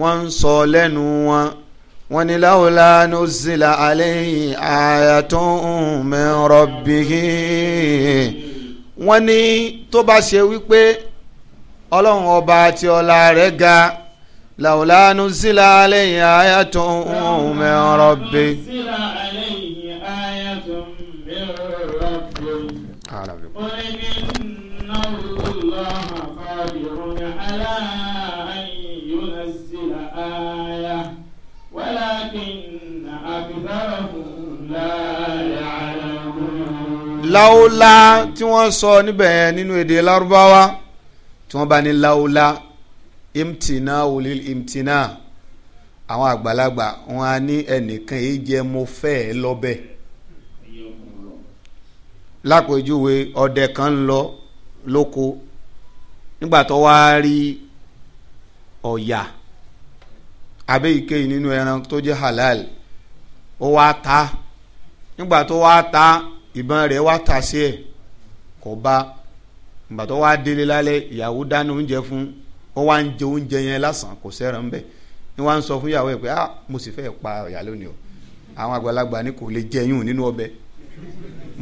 wọ́n ń sọ lẹ́nu wọn wọ́n ní láwùlá nùzìlà alayhi ayatun min rabbihi wọ́n ní tó bá ṣe wípé ọlọ́run ọba àti ọlá rẹ̀ ga láwùlá nùzìlà alayhi ayatun min rabbihi. láúlá tí wọ́n sọ níbẹ̀ yẹn nínú èdè lárúbáwá tí wọ́n bá ní láúlá imtina wòlí imtina àwọn àgbàlagbà wọn á ní ẹnìkan èyí jẹ mo fẹ́ ẹ lọ́bẹ̀ lápèjúwe ọdẹ kan ń lọ lóko nígbà tó wá rí ọ̀yà abẹ́ ìkéyìí nínú ẹran tó jẹ́ halal ó wá ta nígbà tó wá ta ìbọn rẹ̀ wá ta sí ẹ̀ kò bá ìgbà tó wá délé lálẹ́ ìyàwó dáná oúnjẹ fún ó wá ń jẹ oúnjẹ yẹn lásán kò sẹ́ran ń bẹ̀ ni wọ́n á sọ fún ìyàwó ẹ̀ pé ah, mo sì fẹ́ pa ìyá lónìí o àwọn àgbàlagbà ni kò lè jẹ yún nínú ọbẹ̀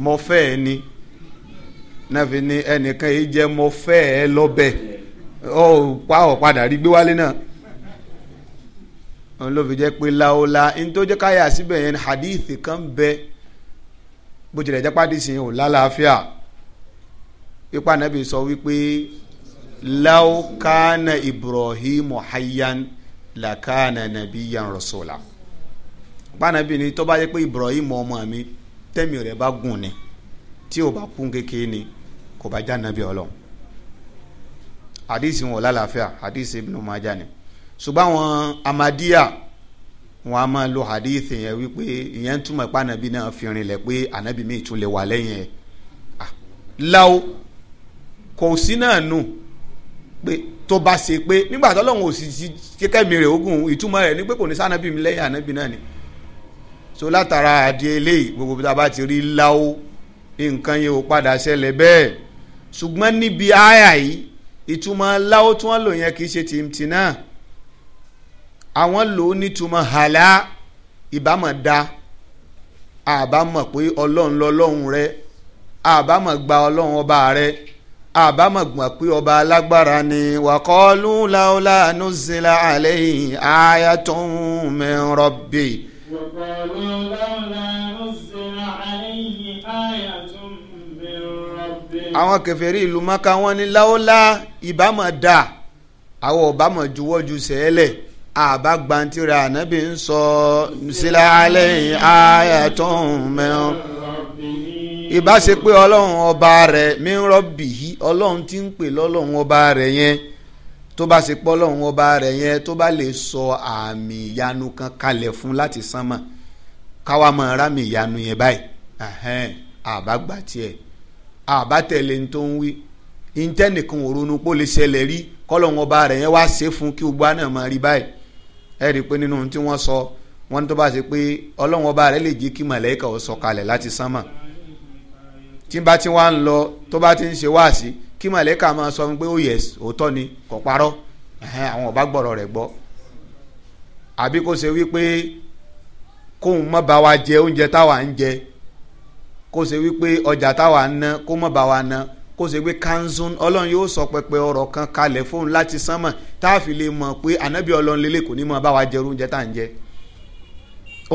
mo fẹ́ ẹ ni náà fi ni ẹnìkan yìí jẹ mo fẹ́ ẹ lọ́bẹ̀ ọ pa ọ̀ padà rí gbé wálé náà òun ló fi jẹ́ pé láola ní tó jẹ́ káyà síbẹ̀ yẹn hadith kan bẹ́ẹ̀ bó tilẹ̀ jẹ́ pàdé sí ò lálàáfíà ipa nàbì sọ wípé laukana ibrahim hayyan lakana nabiyyan rasula pànàbì ni tó bá jẹ́ pé ibrahim ọmọ mi tẹ́mi rẹ̀ bá gùn ni tí ò bá kún kékeré ni kò bá já nàbì ọlọ́run hadisi wọn lálàáfíà hadisi ibn Majah ni ṣùgbọ́n àwọn amadiya wọn a máa lo hadith yẹn wípé ìyẹn túmọ̀ pé anabi náà fi rinlẹ̀ pé anabi mi tún lè wà lẹ́yìn ẹ̀ ah, láwo kò sí náà nù pé tó bá ṣe pé nígbà tó lọ́wọ́ òsì ti kékẹ́ mi rè ogun ìtumọ̀ rẹ̀ ni pé kò ní sànàbí mi lẹ́yìn anabi náà ni so látara àdé eléyìí gbogbo bí ta ti rí láwo nǹkan yẹn ò padà ṣẹlẹ̀ bẹ́ẹ̀ ṣùgbọ́n níbi àyà yìí ìtumọ̀ láwo tí wọ́n lò yẹn kì í ṣe tìǹtì náà àwọn lò ó nítumọ̀ hàlá ìbámọ̀ da àbámọ̀ pé ọlọ́run lọ́lọ́run rẹ àbámọ̀ gba ọlọ́run ọba rẹ àbámọ̀ gbọ̀n pé ọba alágbára ni wàkọ́lù làólà nùzìlà àlẹ́ yìí àyà tó ń min rabbi. wàkọ́lù làólà nùzìlà àlẹ́ yìí àyà tó ń min rabbi. àwọn kèfèrí ìlú maka wọn ni làólà ìbámọ̀ dà àwọn ọ̀bámọ̀ juwọ́ ju sẹ́ẹ̀lẹ̀ Abagbantira ànábì ń sọ sílẹ̀ alẹ́ ayatollah mẹ́rin ìbáṣepé ọlọ́run ọba rẹ̀ mi ń rọ́bì yìí ọlọ́run ti ń pè lọ́lọ́run ọba rẹ̀ yẹn tó bá ṣe pọ́ ọlọ́run ọba rẹ̀ yẹn tó bá lè sọ àmì ìyanu kan kalẹ̀ fún láti sánmà káwa mọ̀ ara mi ìyanu yẹn báyìí àbágbà tiẹ̀ àbátẹ̀lé tó ń wí ìńtẹ́nìkan òronú pò lè ṣẹlẹ̀ rí kọ́lọ́run ọba rẹ̀ yẹn wá ṣe fún kí gbogbo àná máa rí báyìí ẹ rí i pé nínú tí wọ́n sọ wọ́n ní tó bá ṣe pé ọlọ́run ọba rẹ̀ lè jí kí màlẹ́kà ó sọ̀kalẹ̀ láti sánmà tí bá ti wá ń lọ tó bá ti ń ṣe wáàsí kí màlẹ́kà máa sọ pé ó oh yẹs òótọ́ ni kò parọ́ àwọn ọba gbọ́rọ̀ rẹ̀ gbọ́ àbí kó ṣe wípé kóun má bá wa jẹ oúnjẹ táwa ń jẹ kó ṣe wípé ọjà táwa ń ná kó má bá wa ná kó ṣe pé kanzun ọlọ́run yóò sọ pẹpẹ ọ̀rọ̀ kan kalẹ̀ fóun láti sánmọ̀ tá a fi lè mọ̀ pé ànábì ọlọ́run lélẹ̀ kò ní mọ̀ bá wa jẹ oúnjẹ tá à ń jẹ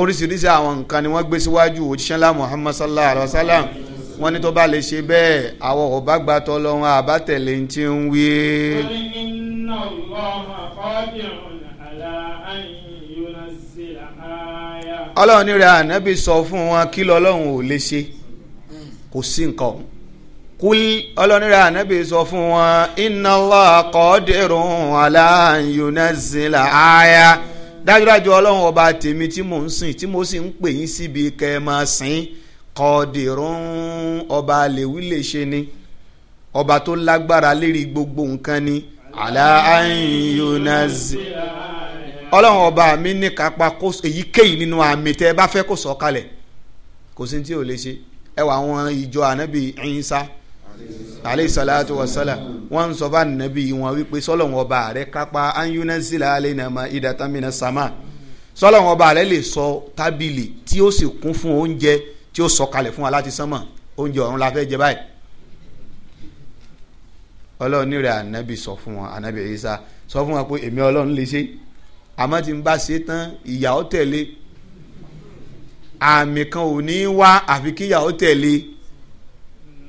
oríṣiríṣi àwọn nǹkan ni wọ́n gbé síwájú òjíṣẹ́lá Muhammad sallallahu alayhi wa sallam wọ́n ní tó bá lè ṣe bẹ́ẹ̀ àwọn ọba gba tọlọ́run àbátẹ̀lé ń ti ń wí. ọlọ́run ní rẹ̀ ànábì sọ fún wọn kí lọ́lọ́run ò lè ṣe kò sí nǹkan ọ̀hún kúl ọlọ́nira ànábì sọ fún wọn Iná Allah qadirun ala yunazzila dájúdájú ọlọ́run ọba tèmi tí mò ń sìn tí mo sì ń pè yín síbi kẹ́ sìn qadirun ọba lèwí lè ni ọba tó lágbára lérí gbogbo nǹkan ni ala ọlọ́run ọba mi ní kápá èyíkéyìí nínú àmì tẹ́ ẹ bá fẹ́ kó sọ kalẹ̀ kò sí ní tí ò lè ṣe ẹ wà àwọn ìjọ ànábì Ìsá aleyhi salatu wa salam wọ́n ń sọ bá nàbí wọn wípé sọ́lọ́wọ́n ọba rẹ̀ kápá anyúnásílà alẹ́ nàmá ìdàtàmínà sàmà sọ́lọ́wọ́n ọba rẹ̀ lè sọ tábìlì tí ó sì kún fún oúnjẹ tí ó sọ kalẹ̀ fún wa láti sánmọ̀ oúnjẹ ọ̀run la fẹ́ jẹ báyìí ọlọ́run ní rẹ̀ ànábì sọ fún wọn ànábì Ìsá sọ fún wọn pé èmi ọlọ́run lè ṣe àmọ́ tí n bá ṣe tán ìyàwó tẹ̀lé àmì kan ò ní wá àfi kíyàwó tẹ̀lé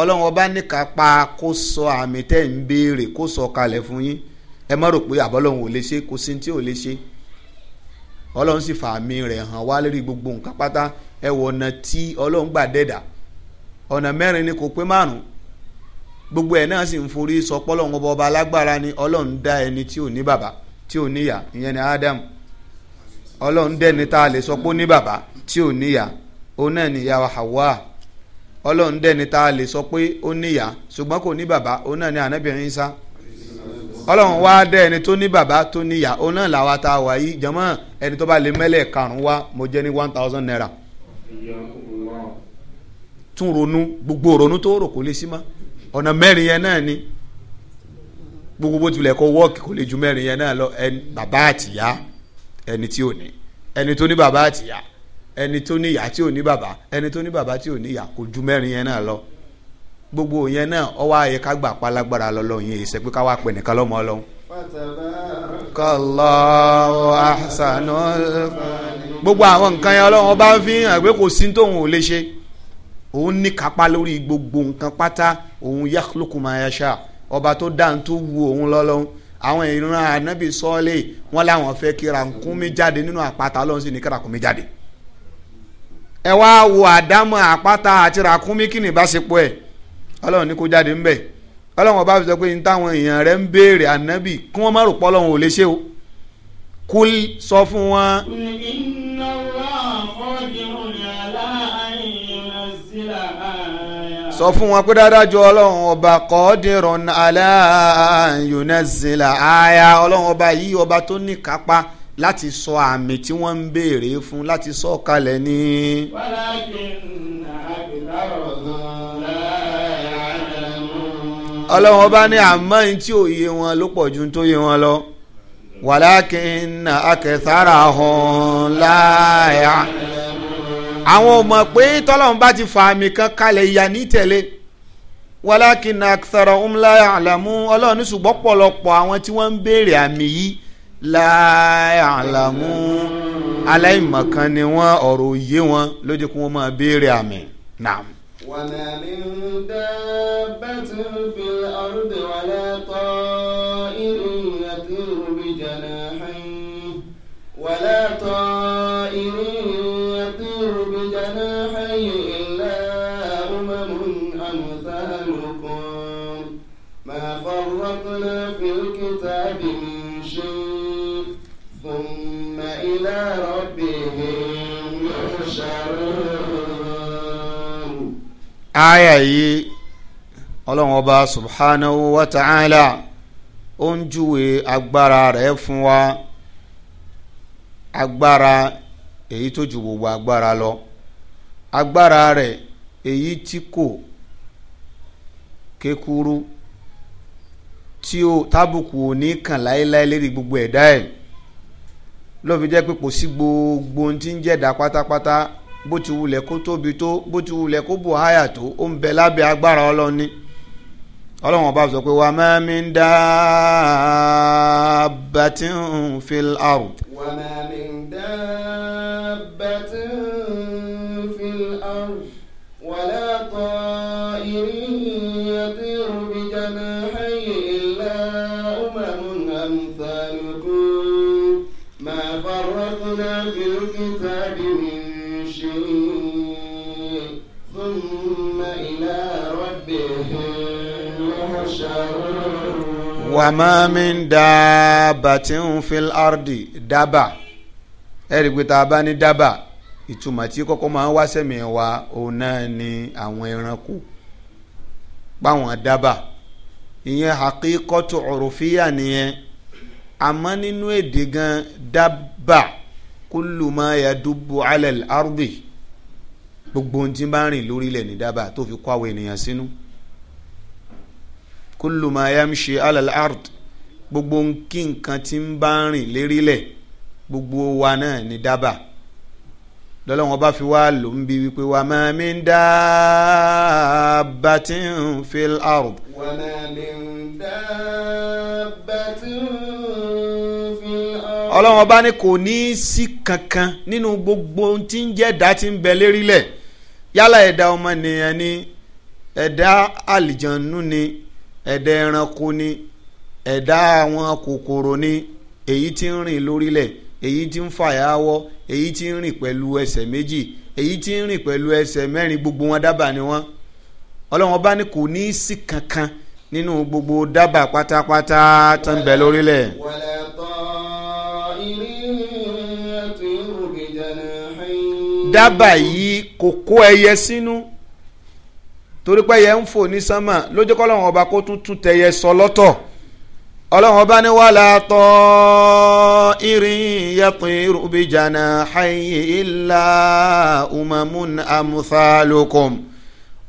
ọlọ́run ọba níka pa kó sọ àmì tẹ́ ń béèrè kó sọ kalẹ̀ fún yín ẹ má rò pé àbọ́lọ́run ò lè ṣe kò sí tí ò lè ṣe ọlọ́run sì fa àmì rẹ̀ hàn wá lórí gbogbo nǹkan pátá ẹ wọ ọ̀nà tí ọlọ́run gbà dẹ́dà ọ̀nà mẹ́rin ni kò pé márùn gbogbo ẹ̀ náà sì ń forí sọ pọ́lọ́run ọba alágbára ni ọlọ́run dá ẹni tí ò ní bàbá tí ò níyà ìyẹn ni Ádámù ọlọ́run dẹ́ni tá a lè sọ pé ó ní bàbá tí ò níyà òun náà ni ìyá wa ọlọ́run dẹ́ni tá a lè sọ pé ó níyà ṣùgbọ́n kò ní bàbá òun náà ni ànábì Ìsá ọlọ́run wá dẹ́ ẹni tó ní bàbá tó níyà òun náà làwa tá a wà yìí jọmọ́ ẹni tó bá lè mẹ́lẹ̀ karùn-ún wá mo jẹ́ ní one thousand naira tún ronú gbogbo ronú tó rò kò lè sí mọ́ ọ̀nà mẹ́rin yẹn náà ni gbogbo bó tilẹ̀ kó wọ́ọ̀kì kò lè ju mẹ́rin yẹn náà lọ ẹni bàbá àtìyá ẹni tí ò ní ẹni tó ní bàbá àtìyá ẹni tó ní ìyá tí ò ní bàbá ẹni tó ní bàbá tí ò ní ìyá kò ju mẹ́rin yẹn náà lọ gbogbo yẹn náà ọwọ́ ààyè ká gbà pa lágbára lọ́lọ́ yẹn ìṣe pé ká wá pè nìkan lọ́mọ ọlọ́run. Allahu ahsanul gbogbo àwọn nǹkan yẹn ọlọ́run ọba fi hàn pé kò sí tóun ò lè ṣe òun ní kápá lórí gbogbo nǹkan pátá òun yakhluqu ma yasha ọba tó dáhùn tó wu òun lọ́lọ́run àwọn ìran ànábì sọ́ọ́lẹ̀ wọn làwọn fẹ́ kí ràkúnmí jáde nínú àpáta ọlọ́run sì ní kí ràkúnmí jáde ẹ wá wo àdámọ̀ àpáta àti ràkúnmí kí ni ìbáṣepọ̀ ẹ̀ ọlọ́run ní kó jáde ń bẹ̀ ọlọ́run ọba fi sọ pé ní táwọn èèyàn rẹ̀ ń béèrè ànábì kí wọ́n má rò pọ́ ọlọ́run ò lè ṣe o kú sọ fún wọn. sọ fún wọn pé dáadáa ju ọlọ́run ọba qadirun ala yunazzila aya ọlọ́run ọba yìí ọba tó ní kápá láti sọ àmì tí wọ́n ń béèrè fún láti sọ kalẹ̀ ní. ọlọ́run bá ní àmọ́ ní tí òye wọn ló pọ̀ ju tó yé wọn lọ hàn láàyà àwọn ò pé tọ́lọ́run bá ti fa àmì kan kalẹ̀ ìyá ní tẹ̀lé hàn àwọn tí wọ́n ń béèrè àmì yìí láàlámú aláìmọ̀kan ni wọ́n ọ̀rọ̀ òye wọn ló jẹ́ kí wọ́n máa béèrè àmì náà. wàlá mi ń dá bẹ́tù fi ọ̀rùdì wàlá tọ́ irú àti rúbi jẹ̀nà hàn wàlá tọ́ irú àti rúbi jẹ̀nà hàn ilà ọmọmú àmúta lókun máa fọwọ́ kúnlẹ̀ fi kìtàbí mi. إلى ربهم يحشرون آية yìí ọlọ́run ọba subhanahu wa ta'ala ó ń júwe agbára rẹ̀ fún wa agbára èyí tó ju gbogbo agbára lọ agbára rẹ̀ èyí tí kò kékuru tí ó tábùkù ò ní kàn láéláé lérí gbogbo ẹ̀dá ẹ̀. ló fi jẹ́ pé kò sí gbogbo ohun tí ń jẹ̀dá pátápátá bó ti wulẹ̀ kó tóbi tó bó ti wulẹ̀ kó bò háyà tó ó ń bẹ lábẹ́ agbára ọlọ́run ni ọlọ́run ọba sọ pé wa ma min dabbatin fil ard. wa ma min dabbatin fil ard wala ta'irin yatiru. فرقنا في من شيء ثم إلى ربهم يحشرون وما من دابة في الأرض دابة ẹ̀rí pé tá a bá ní dábà ìtumọ̀ tí kọ́kọ́ máa ń wá sẹ́mi wa òun náà ni àwọn ẹranko páwọn dábà ìyẹn hakikọ́tù ọ̀rọ̀fíyà nìyẹn àmọ́ nínú èdè gan dábà kullu ma yadubbu ala al-ardi gbogbo ohun tí ń bá rìn lórílẹ̀ ní dábàá tó fi kó àwọn ènìyàn sínú kullu ma yamshi ala al-ardi gbogbo kí nǹkan tí ń bá rìn lérílẹ̀ gbogbo wa náà ní dábàá lọ́lọ́wọ́n bá fi wá lò ń bi wípé wa ma min dabbatin fil ard. wa ma min dabbatin. ọlọ́run ọba ní kò ní í sí kankan nínú gbogbo tí ń jẹ́ ẹ̀dá tí ń bẹ lérílẹ̀ yálà ẹ̀dá ọmọnìyàn ni ẹ̀dá àlìjànú ni ẹ̀dá ẹranko ni ẹ̀dá àwọn kòkòrò ni èyí tí ń rìn lórílẹ̀ èyí tí ń fàyàwọ́ èyí tí ń rìn pẹ̀lú ẹsẹ̀ méjì èyí tí ń rìn pẹ̀lú ẹsẹ̀ mẹ́rin gbogbo wọn dábàá ni wọ́n ọlọ́run ọba ní kò ní í sí kankan nínú gbogbo dábàá pátápátá tó ń bẹ lórílẹ̀. wàlẹ̀ tán dábàá yìí kò kó ẹyẹ sínú torí pé ẹyẹ ń fò ní sánmà lójú kọ́ lọ́wọ́n ọba kó tún tún tẹyẹ sọ lọ́tọ̀ ọlọ́wọ́n ọba ní wàhálà tọ́ irin yatiru bijana hayi illa umamun amuthalukum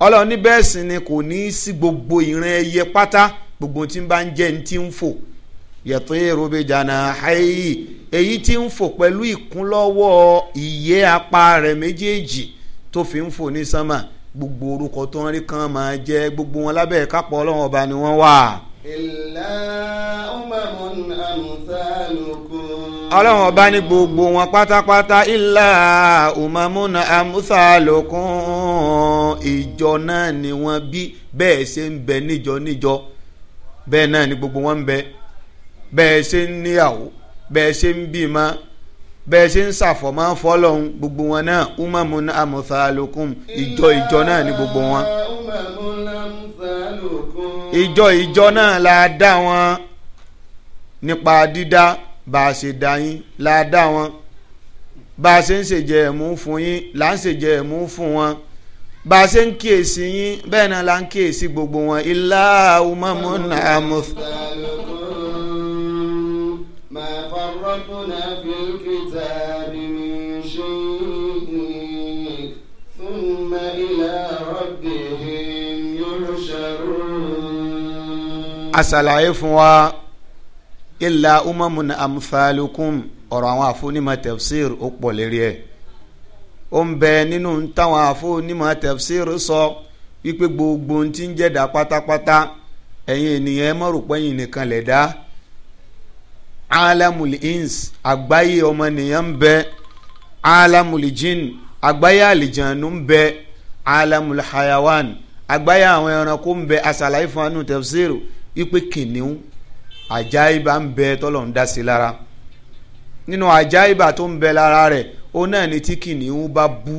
ọlọ́wọ́n ní bẹ́ẹ̀ sì ni kò ní í sí gbogbo ìran ẹyẹ pátá gbogbo tí ń bá ń jẹ́ ní ti ń fò yẹ̀tọ́yẹ̀rọ bẹ jàǹdà àìyí èyí tí ń fò pẹ̀lú ìkúnlọ́wọ́ ìyẹ́ apá rẹ̀ méjèèjì tó fi ń fò ní sánmà gbogbo orúkọ tó ń rí kan máa jẹ́ gbogbo wọn lábẹ́ kápọ̀ ọlọ́run ọba ni wọ́n wà. ìlà umamun amsalukum. ọlọ́run ọba ní gbogbo wọn pátápátá ìlà umamun amsalukum ìjọ náà ni wọ́n bí bẹ́ẹ̀ ṣe ń bẹ níjọ níjọ bẹ́ẹ̀ náà ni gbogbo wọn ń bẹ bẹ́ẹ̀ ṣe ń níyàwó bẹ́ẹ̀ ṣe ń bímọ bẹ́ẹ̀ ṣe ń ṣàfọ̀mọ́ fọlọ́hún gbogbo wọn náà umamun amusalukum ìjọ ìjọ náà ni gbogbo wọn. ìjọ ìjọ náà la dá wọn nípa dídá bá a ṣe dá yín la dá wọn bá a ṣe ń ṣèjẹ ẹ̀mú fún yín là ń ṣèjẹ ẹ̀mú fún wọn bá a ṣe ń kíyèsí yín bẹ́ẹ̀ náà la ń kíyèsí gbogbo wọn ilá umamun amusalukum. فرقنا في الكتاب من شيء ثم إلى ربهم يحشرون أسأل عفوا إلا أمم أمثالكم ọ̀rọ̀ àwọn àfúnímọ̀ tefsir ó pọ̀ lérí ẹ̀ ó ń bẹ nínú táwọn àfúnímọ̀ tefsir sọ wípé gbogbo ohun tí ń jẹ̀dá pátápátá ẹ̀yin ènìyàn ẹ má rò pé ẹ̀yin nìkan lẹ̀dá alamul ins àgbáyé ọmọnìyàn ń bẹ alamul jin àgbáyé àlìjànú ń bẹ alamul hayawan àgbáyé àwọn ẹranko ń bẹ asàlàyé fún anú tẹfsiru ipe kìnìún àjáìbá ń bẹ tọ́lọ̀ ń dá sí lára nínú àjáìbá tó ń bẹ lára rẹ̀ ó náà ni tí kìnìún bá bú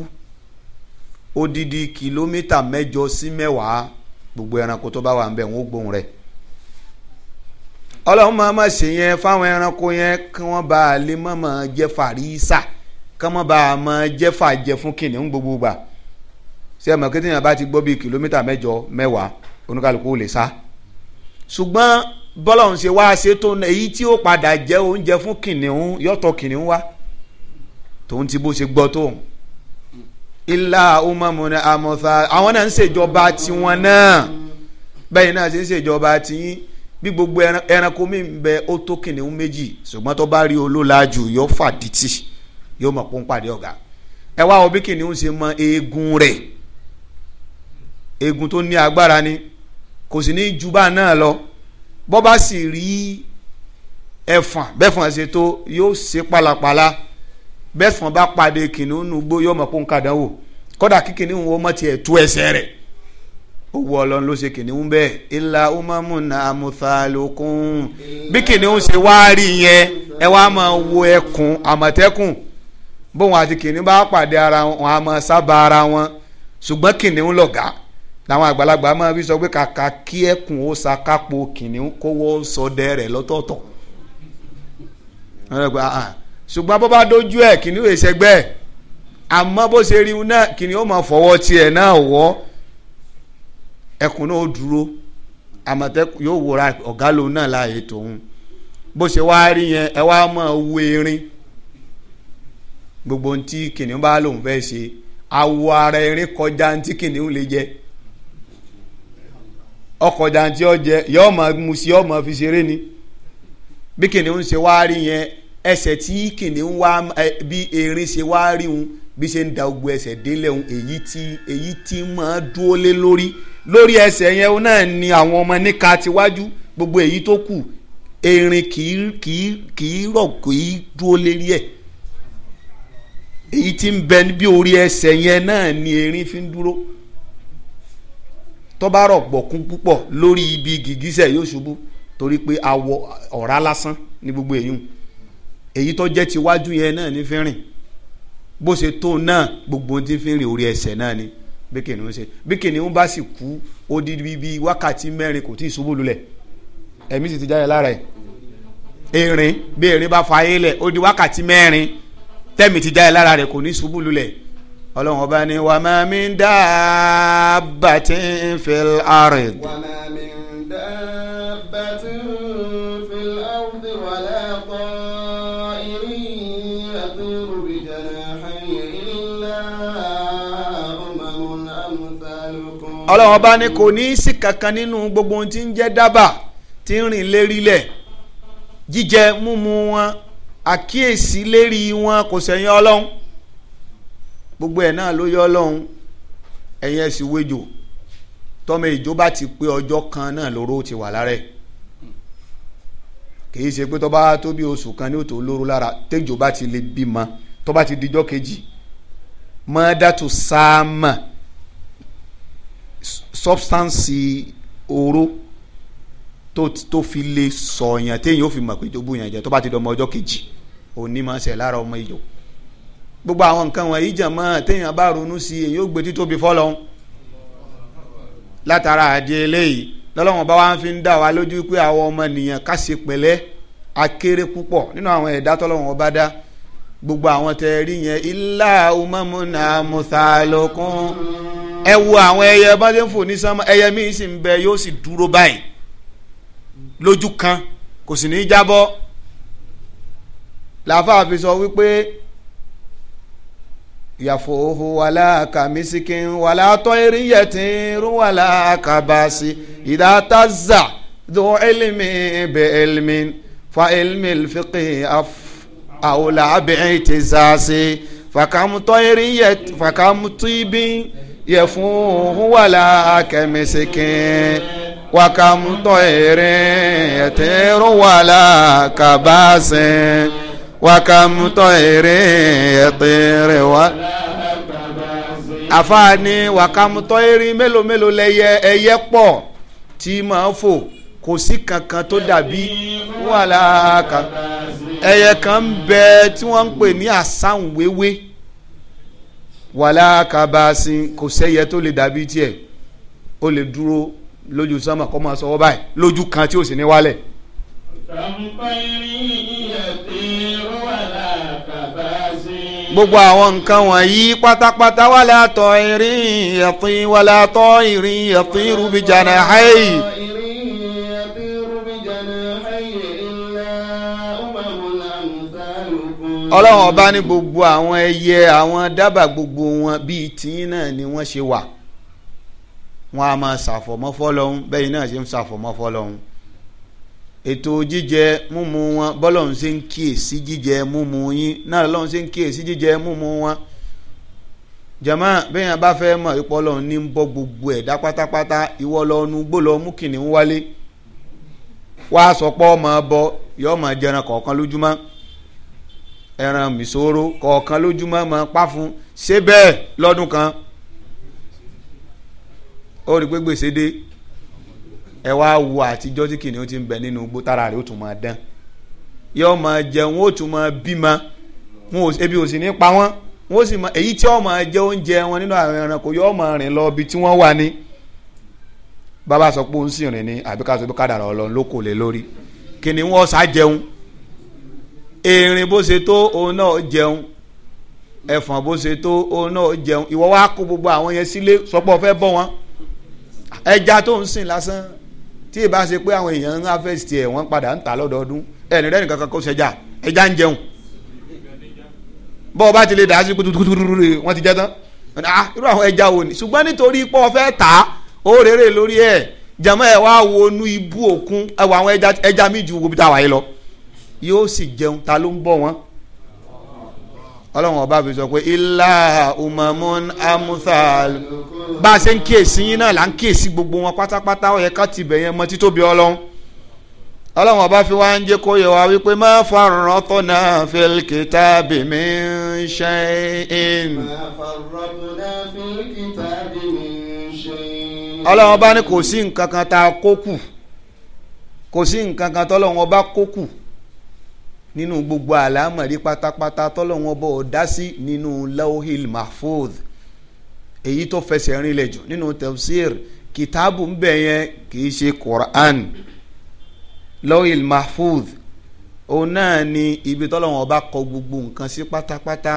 odidi kìlómítà mẹ́jọ sí mẹ́wàá gbogbo ẹranko tó bá wà ń bẹ wọn ó gbóhùn rẹ̀ ọlọ́run máa ma ṣe yẹn fáwọn ẹranko yẹn kí wọ́n bá a lè má máa jẹ fàrísà kí wọ́n bá a máa jẹ fàjẹ fún kìnìún gbogbo gbà ṣé ẹ mọ̀ kí tèèyàn bá ti gbọ́ bíi kìlómítà mẹ́jọ mẹ́wàá oníkàlùkù lè sá ṣùgbọ́n bọ́lọ́run ṣe wá ṣe tó èyí tí ó padà jẹ oúnjẹ fún kìnìún yọ̀tọ̀ kìnìún wá tòun ti bó ṣe gbọ́ tóun ilá umamu ni àwọn náà ń ṣèjọba tiwọn náà bẹ́ẹ̀ náà ṣe ń ṣèjọba tiyín bí gbogbo ẹranko mi ń bẹ ó tó kìnìún méjì ṣùgbọ́n tó bá rí olólàájú yóò fàdítì yóò mọ̀ pọ́n pàdé ọ̀gá ẹ wá wo bí kìnìún ṣe mọ eegun rẹ̀ eegun tó ní agbára ni kò sì ní ju bá náà lọ bọ́ bá sì rí ẹ̀fọ̀n bẹ́fọ̀n ṣe tó yóò ṣe pálapàla bẹ́fọ̀n bá pàdé kìnìún nugbó yóò mọ̀ pọ́n kàdánwò kódà kí kìnìún wo mọ̀ tiẹ̀ tú ẹsẹ̀ rẹ̀ owó ọlọ́run ló ṣe kìnìún bẹ́ẹ̀ ilà umamuna amuthalukun bí kìnìún ṣe wá rí yẹn ẹ wá máa wo ẹkùn àmọ̀tẹ́kùn bóun àti kìnìún bá pàdé ara wọn a máa sábà ara wọn ṣùgbọ́n kìnìún lọ̀gá làwọn àgbàlagbà máa fi sọ pé kàkà kí ẹkùn ó ṣàkápò kìnìún kówó sọdẹ rẹ̀ lọ́tọ̀ọ̀tọ̀ ṣùgbọ́n bó bá dojú ẹ̀ kìnìún èsẹ̀gbẹ́ àmọ́ bó ṣe rí náà kìnìún ó máa fọwọ́ tiẹ̀ náà wọ́ ẹkùn náà ó dúró àmọ̀tẹ́kùn yóò wòra ọ̀gá lòun náà láàyè tòun bó ṣe wá rí yẹn ẹ wá mọ̀ owó erin gbogbo kìnìún bá lòun fẹ́ ṣe ara erin kọjá ntí kìnìún lè jẹ yọọ mọ musi yọọ fi ṣeré ni bí kìnìún ṣe wá rí yẹn ẹsẹ̀ tí kìnìún wá bí erin ṣe wá rí bí ṣe ń da lórí ẹsẹ̀ yẹn náà ni àwọn ọmọ níka tiwájú gbogbo èyí tó kù erin kìí kìí kìí rọ̀ kìí dúró lérí ẹ̀ èyí tí ń bẹ bí orí ẹsẹ̀ yẹn náà ni erin fi ń dúró tó bá rọ̀ gbọ̀kún púpọ̀ lórí ibi gìgísẹ̀ yóò ṣubú torí pé awọ ọ̀rá lásán ní gbogbo èyí èyí tó jẹ́ tiwájú yẹn náà ní fi rìn bó ṣe tó náà gbogbo ohun fi rìn orí ẹsẹ̀ náà ni bí kìnìún ṣe bí kìnìún bá sì kú odidi bíi wákàtí mẹ́rin kò tí ì ṣubú lulẹ̀ ẹ̀mí sì ti jáde lára ẹ̀ erin bí erin bá fa ayé lẹ̀ ó di wákàtí mẹ́rin tẹ́mi ti jáde lára rẹ̀ kò ní ṣubú lulẹ̀ ọlọ́run ọba ni wàmàmí dáàbàtì fil ard. wàmàmí ọlọ́run bá ní kò ní í sí kankan nínú gbogbo ohun tí ń jẹ́ dábàá tí ń rìn lérílẹ̀ jíjẹ múmu wọn àkíyèsí lérí wọn kò sẹ́yìn ọlọ́run gbogbo ẹ̀ náà ló yọ ọlọ́run ẹ̀yìn ẹ̀sìn wejò tọ́mọ ìjó bá ti pé ọjọ́ kan náà lóró ti wà lára ẹ̀ kìí ṣe pé tó tó bí oṣù kan ní òtò olóró lára tẹ́jọ́ bá ti lè bímọ tó ti dijọ́ kejì mọ́dátù sáàmà substance oró tó tó fi lè sọ̀yàn téèyàn ó fi mọ̀ pé jogbo yàn jẹ́ tó bá ti dọmọ ọjọ́ kejì òní máa ń ṣẹ̀ lára ọmọ ìjọ gbogbo àwọn nǹkan wọ̀nyí jàn mọ́ téèyàn bá ronú sí i èyí ó gbé títóbi fọ́lọ́hún látara àdí eléyìí lọ́lọ́wọ́n bá wá fi ń dá wa lójú pé àwọn ọmọ nìyàn ká ṣe pẹ̀lẹ́ akéré púpọ̀ nínú àwọn ẹ̀dá tọ́lọ́wọ́n bá dá gbogbo àwọn tẹ rí yẹn ilá umamuna musalokun ẹ wo àwọn ẹyẹ bá ṣe ń fò ní sánmọ̀ ẹyẹ míì sì ń bẹ yóò sì dúró báyìí lójú kan kò sì ní í jábọ́ làáfàá fi sọ wípé yàfò wàlá kàmísíkìn wàlá tọ́ eríyẹ̀tìn rúwàlá kàbàsì ìdátàzà dùn ẹlẹ́mì bẹ́ẹ̀ ẹlẹ́mì fa ẹlẹ́mì fìkì àfọ àwòlà abẹ́rẹ́ ti sàṣe fàkàmùtọ́ irin yẹ fàkàmùtú ibi yẹ fún òun wà lá kẹmẹsẹkẹ wàkàmùtọ́ irin yẹ tẹ́rù wà lá kàbáṣẹ wàkàmùtọ́ irin yẹ tẹ́rù wà lá kàbáṣẹ. wàkàmùtọ́ irin mélòó mélòó lẹ́yẹ ẹyẹ pọ̀ tí máa fò kò sí kankan tó dàbí wàhálà kan ẹyẹ kan ń bẹ tí wọ́n ń pè ní àsáhùn wéwé wàhálà kabasi kò sẹ́yẹ tó lè dàbí tiẹ̀ ó lè dúró lójú sánmà kó máa sọwọ́ báyìí lójú kan tí ò sì ní wálẹ̀. gbogbo àwọn nǹkan wọ̀nyí pátápátá wàlá tọ́ irin yẹ̀tìn wàlá tọ́ irin yẹ̀tìn rúbi jàǹdà hẹ́yì. ọlọ́run ọba ní gbogbo àwọn ẹyẹ àwọn dábàá gbogbo wọn bíi tìyín náà ni wọ́n ṣe wà wọ́n a máa ṣàfọ̀mọ́ fọ́lọ́hún bẹ́yìn náà ṣe ń ṣàfọ̀mọ́ fọ́lọ́hún ètò jíjẹ múmu wọn bọ́lọ́run ṣe ń kíyèsí jíjẹ múmu yín náà ṣe ń kíyèsí jíjẹ múmu wọn bẹ́yìn abá fẹ́ mọ̀ ipò gbogbo ẹ̀dá pátápátá ìwọ lọ́nu gbó lọ mú wálé bọ yọ ọmọ jẹran kọ̀ọ̀kan ẹran mìsòro kọ̀ọ̀kan lójúmọ́ máa pa fún ṣé bẹ́ẹ̀ lọ́dún kan ó rí pé gbèsè dé ẹ wá wo àtijọ́ tí kìnìún ti ń bẹ nínú igbó tára rẹ̀ ó tún máa dán yóò máa jẹun ó tún máa bímọ ebi ò sì ní pa wọn wọ́n sì máa èyí tí ma máa jẹ oúnjẹ wọn nínú àwọn ẹranko yóò máa lọ ibi tí wà ní bàbá sọ pé ó ń rìn ní àbíkásọ erin bó ṣe tó òun náà jẹun ẹfọn bó ṣe tó òun náà jẹun ìwọ wa kó gbogbo àwọn yẹn sílé sọpọ fẹ́ bọ́ wọn ẹja tó ń sìn lásán tí ì bá ṣe pé àwọn èèyàn ń harvest ẹ wọ́n padà ń ta lọ́dọọdún ẹni rẹ nìkan kan kó ṣẹjà ẹja ń jẹun bọ́ọ̀ bá ti lè dà á sí kutukutu wọ́n ti jẹ́ tán ah, irú àwọn ẹja wo ni ṣùgbọ́n nítorí pé fẹ́ tà á ó rèrè lórí ẹ̀ jẹ̀mọ́ ẹ̀ wá wo inú ibú òkun ẹ̀ wọ àwọn ẹja mi ju wo bí táwa lọ yóò sì jẹun ta ló ń bọ̀ wọ́n ọlọ́run ọba fi sọ pé ilá umamun amuthal bá a ṣe ń kíyèsí yín náà là ń kíyèsí gbogbo wọn pátápátá ó yẹ ká tibẹ̀ yẹn mọ títóbi ọlọ́run ọlọ́run ọba fi wá ń jẹ́ kó yẹ wá wípé má farran tó náà fil kitabi min shay'in. má farran ọlọ́run ọba ní kò sí nǹkan kan tá a kó kù kò sí nǹkan kan tọ́lọ́run ọba kó kù nínú gbogbo àlámọ̀rí pátápátá tọ́lọ́wọ́n bọ̀ ọ́ dá sí nínú lawhil mahfuz èyí tó fẹsẹ̀ rinlẹ̀ jù nínú tafsir kìtàbù ń bẹ̀ yẹn kì í ṣe Qur'an lawhil mahfuz òun náà ni ibi tọ́lọ́wọ́n bá kọ gbogbo nǹkan sí pátápátá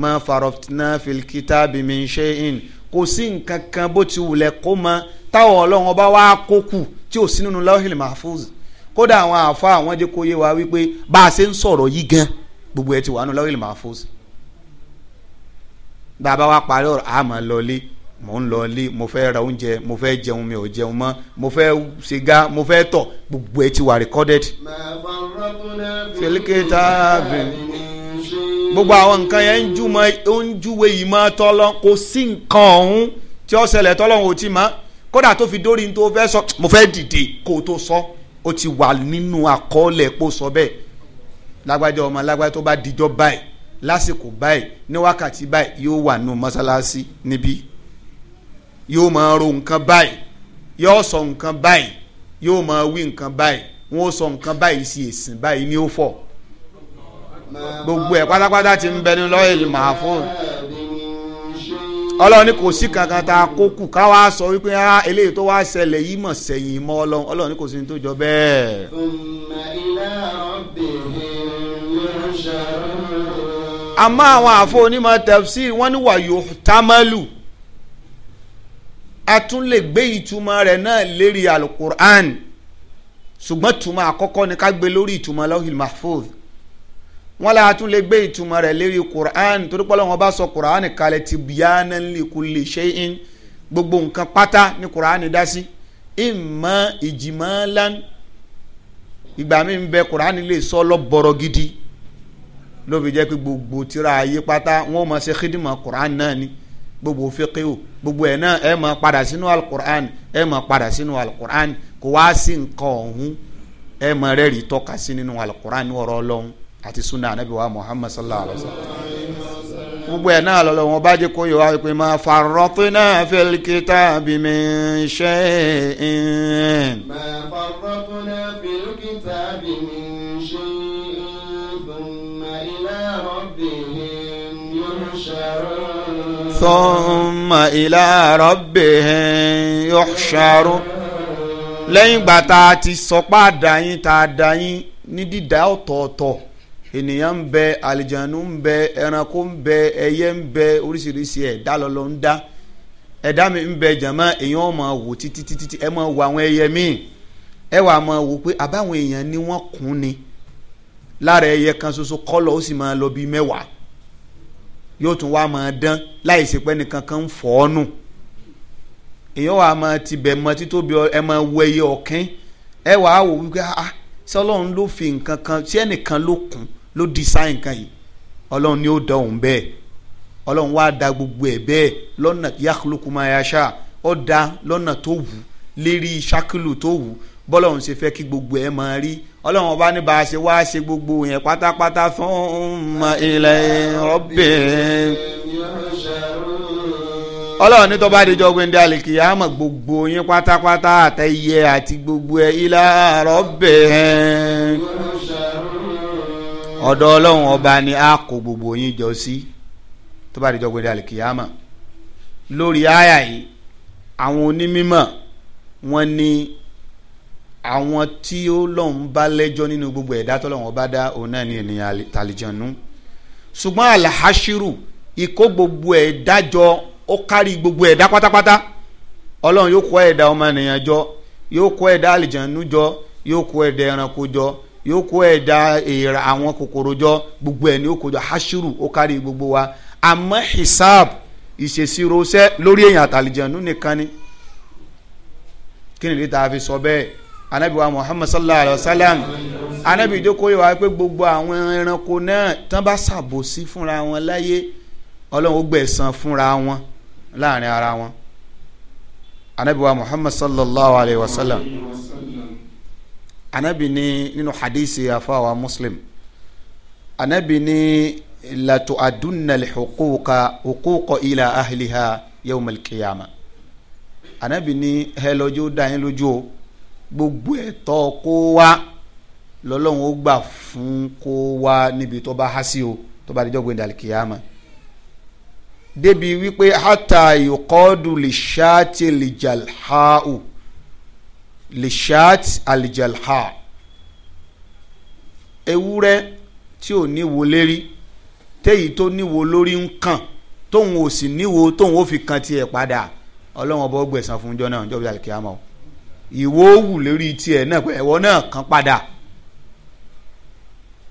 ma faroftina fil kitabi min shay'in kò sí nǹkan kan bó ti wulẹ̀ kó mọ táwọn ọlọ́wọ́n bá wá kó kù tí ò sí nínú lawhil mahfuz kódà àwọn àfa àwọn jẹ́ kó yé wa wípé bá a ṣe ń sọ̀rọ̀ yìí gan gbogbo ẹ ti wà nù lawil mahfuz bàbá wa parí ọ̀rọ̀ a máa lọlé mò ń lọlé mo fẹ́ ra oúnjẹ mo fẹ́ jẹun mi ò jẹun mọ́ mo fẹ́ ṣìgá mo fẹ́ tọ̀ gbogbo ẹ ti wà recorded. filikita bẹ̀rẹ̀ gbogbo àwọn nǹkan yẹn ń júmọ ń júwe ìmọ̀ tọ́lọ́ kò sí nǹkan ọ̀hún tí ó ṣẹlẹ̀ tọ́lọ́ ò tí ma kódà tó fi dórí tó fẹ́ sọ mo fẹ́ dìde kó o tó sọ. So ó ti wà nínú àkọọ́lẹ̀ pò sọ bẹ́ẹ̀ lágbájá ọmọ lágbájá tó bá dijọ́ báyìí lásìkò báyìí ní wákàtí báyìí yóò wà nù mọ́sálásí níbí yóò máa ro nǹkan báyìí yóò sọ nǹkan báyìí yóò máa wí nǹkan báyìí wọn ó sọ nǹkan báyìí sí èsìn báyìí ní ó fọ̀ gbogbo ẹ̀ pátápátá ti ń bẹ ní màá fún un ọlọ́run ni kò sí kankan tá a kó kù ká wá sọ wípé ah eléyìí tó wá ṣẹlẹ̀ yìí mọ̀ sẹ́yìn mọ́ ọlọ́run ọlọ́run ní kò sí ní tó jọ bẹ́ẹ̀. àmọ́ àwọn àfọ onímọ̀ tafsir wọ́n ní wàyò támálù a tún lè gbé ìtumọ̀ rẹ̀ náà lérí alukur'an ṣùgbọ́n ìtumọ̀ àkọ́kọ́ ni ká gbé lórí ìtumọ̀ lawhil mahfuz wọn la tún lè gbé ìtumọ̀ rẹ̀ lérí quran torí pé Ọlọ́hun bá sọ quran kalẹ̀ ti biyanan li kulli shay'in gbogbo nǹkan pátá ní quran dá sí ìmọ̀ ijmalan ìgbà mi ń bẹ quran lè sọ lọ́bọ̀rọ̀ gidi ló fi jẹ́ pé gbogbo tírà ayé pátá wọn ò máa ṣe xidima quran náà ni gbogbo fiqihu gbogbo ẹ̀ náà ẹ̀ máa padà sínú alukur'an ẹ̀ máa padà sínú alukur'an kò wá sí nǹkan ọ̀hún ẹ̀ máa rẹ́rìí tọ́ka sí nínú alukur'an ní ọ̀rọ̀ ọlọ́run àti sunna anabi wa muhammad sallallahu alayhi wa sallam gbogbo ẹ̀ náà lọ́lọ́ wọn bá jẹ́ kó yẹ wá pé ma farratina fil kitabi min shay'in. ma farratina fil kitabi min shay'in thumma ila lẹ́yìn ìgbà tá a ti sọ pé àdáyín tá a dáyín ní dídá ọ̀tọ̀ọ̀tọ̀ ènìyàn ń bẹ àlìjànú bẹ ẹranko bẹ ẹyẹ bẹ oríṣiríṣi ẹ̀dá lọlọ ń dá mi ń bẹ jàmọ́ èèyàn ọmọ wò títí títí ẹ wo àwọn ẹyẹ míì ẹ wà wò pé àbáwọn èèyàn ni kún ni lára ẹyẹ kan ṣoṣo ó sì máa lọ bíi yóò tún wá máa dán láì kan ń fọ́ nù èèyàn wà máa tibẹ̀ mọ ah, ah, kan ló kún ló design kan yìí ọlọ́run ni ó dá òun bẹ́ẹ̀ ọlọ́run wá dá gbogbo ẹ̀ bẹ́ẹ̀ lọ́nà yakulukuma yasha ó dá lọ́nà tó wù lérí sakilu tó wù bọ́lọ́run ṣe fẹ́ kí gbogbo ẹ̀ máa rí ọlọ́run ọba ní bá a ṣe wá ṣe gbogbo yẹn pátápátá fún ọmọ ilẹ̀ rọ́bẹ̀. ọlọ́run ní tọ́ba àdéjọ́ gbẹ̀ndé àlìkìyàmọ̀ gbogbo yín pátápátá àtẹ̀yẹ àti gbogbo ẹ̀ ilẹ̀ rọ́bẹ̀ ọ̀dọ̀ ọlọ́run ọba ni a kó gbogbo yín jọ sí tó bá di jọgbe dàlí kìyàmà lórí àyà yìí àwọn onímọ̀ wọn ni àwọn tí ó lọ́n bá lẹ́jọ́ nínú gbogbo ẹ̀dá tọ́lọ́run ọba dá òun náà ní ènìyàn tàlìjànú ṣùgbọ́n àlàáṣírù ìkó gbogbo ẹ̀dá jọ ó kárí gbogbo ẹ̀dá pátápátá ọlọ́run yóò kó ẹ̀dá ọmọ ènìyàn jọ yóò kó ẹ̀dá àlìjànú jọ yóò kó ẹ̀dá ẹranko jọ yóò kó ẹ̀dá èèrà àwọn kòkòrò jọ gbogbo ẹ̀ ní ó kojọ hashiru ó kárí gbogbo wa àmọ́ hisab ìṣèṣirò iṣẹ́ lórí èèyàn àtàlìjẹ̀nu nìkan ni kí nìdí tá a sọ bẹ́ẹ̀ anabi wa muhammad sallallahu alayhi wa sallam anabi ìjókòó yìí wá pé gbogbo àwọn ẹranko náà tán bá ṣàbòsí fúnra wọn láyé ọlọ́run ó gbẹ̀san fúnra wọn láàrin ara wọn anabi wa muhammad sallallahu alayhi wa sallam anabi ní nínú hadisi afawa muslim anabi ní latu adunna lixuquuqa huquuqo ila ahliha yawma alqiyama anabi ní hẹlọjú dayin lójú o gbogbo ẹ̀tọ́ kó wá lọ́lọ́run ó gbà fún kó wá níbi tó bá há sí o tó bá dijọ́ gbẹ̀dẹ̀ alqiyama débi wípé hata yuqadu lishati lijalhaa'u lishat alijalha ewúrẹ́ tí ò níwo lérí téyí tó níwo lórí ń kàn tóun ò sì níwo tóun ò fi kan tiẹ̀ padà ọlọ́run ọba ó gbẹ̀san fún jọ náà jọ́bi alikiyama o ìwọ wù lórí tiẹ̀ náà pé ẹ̀wọ́ náà kan padà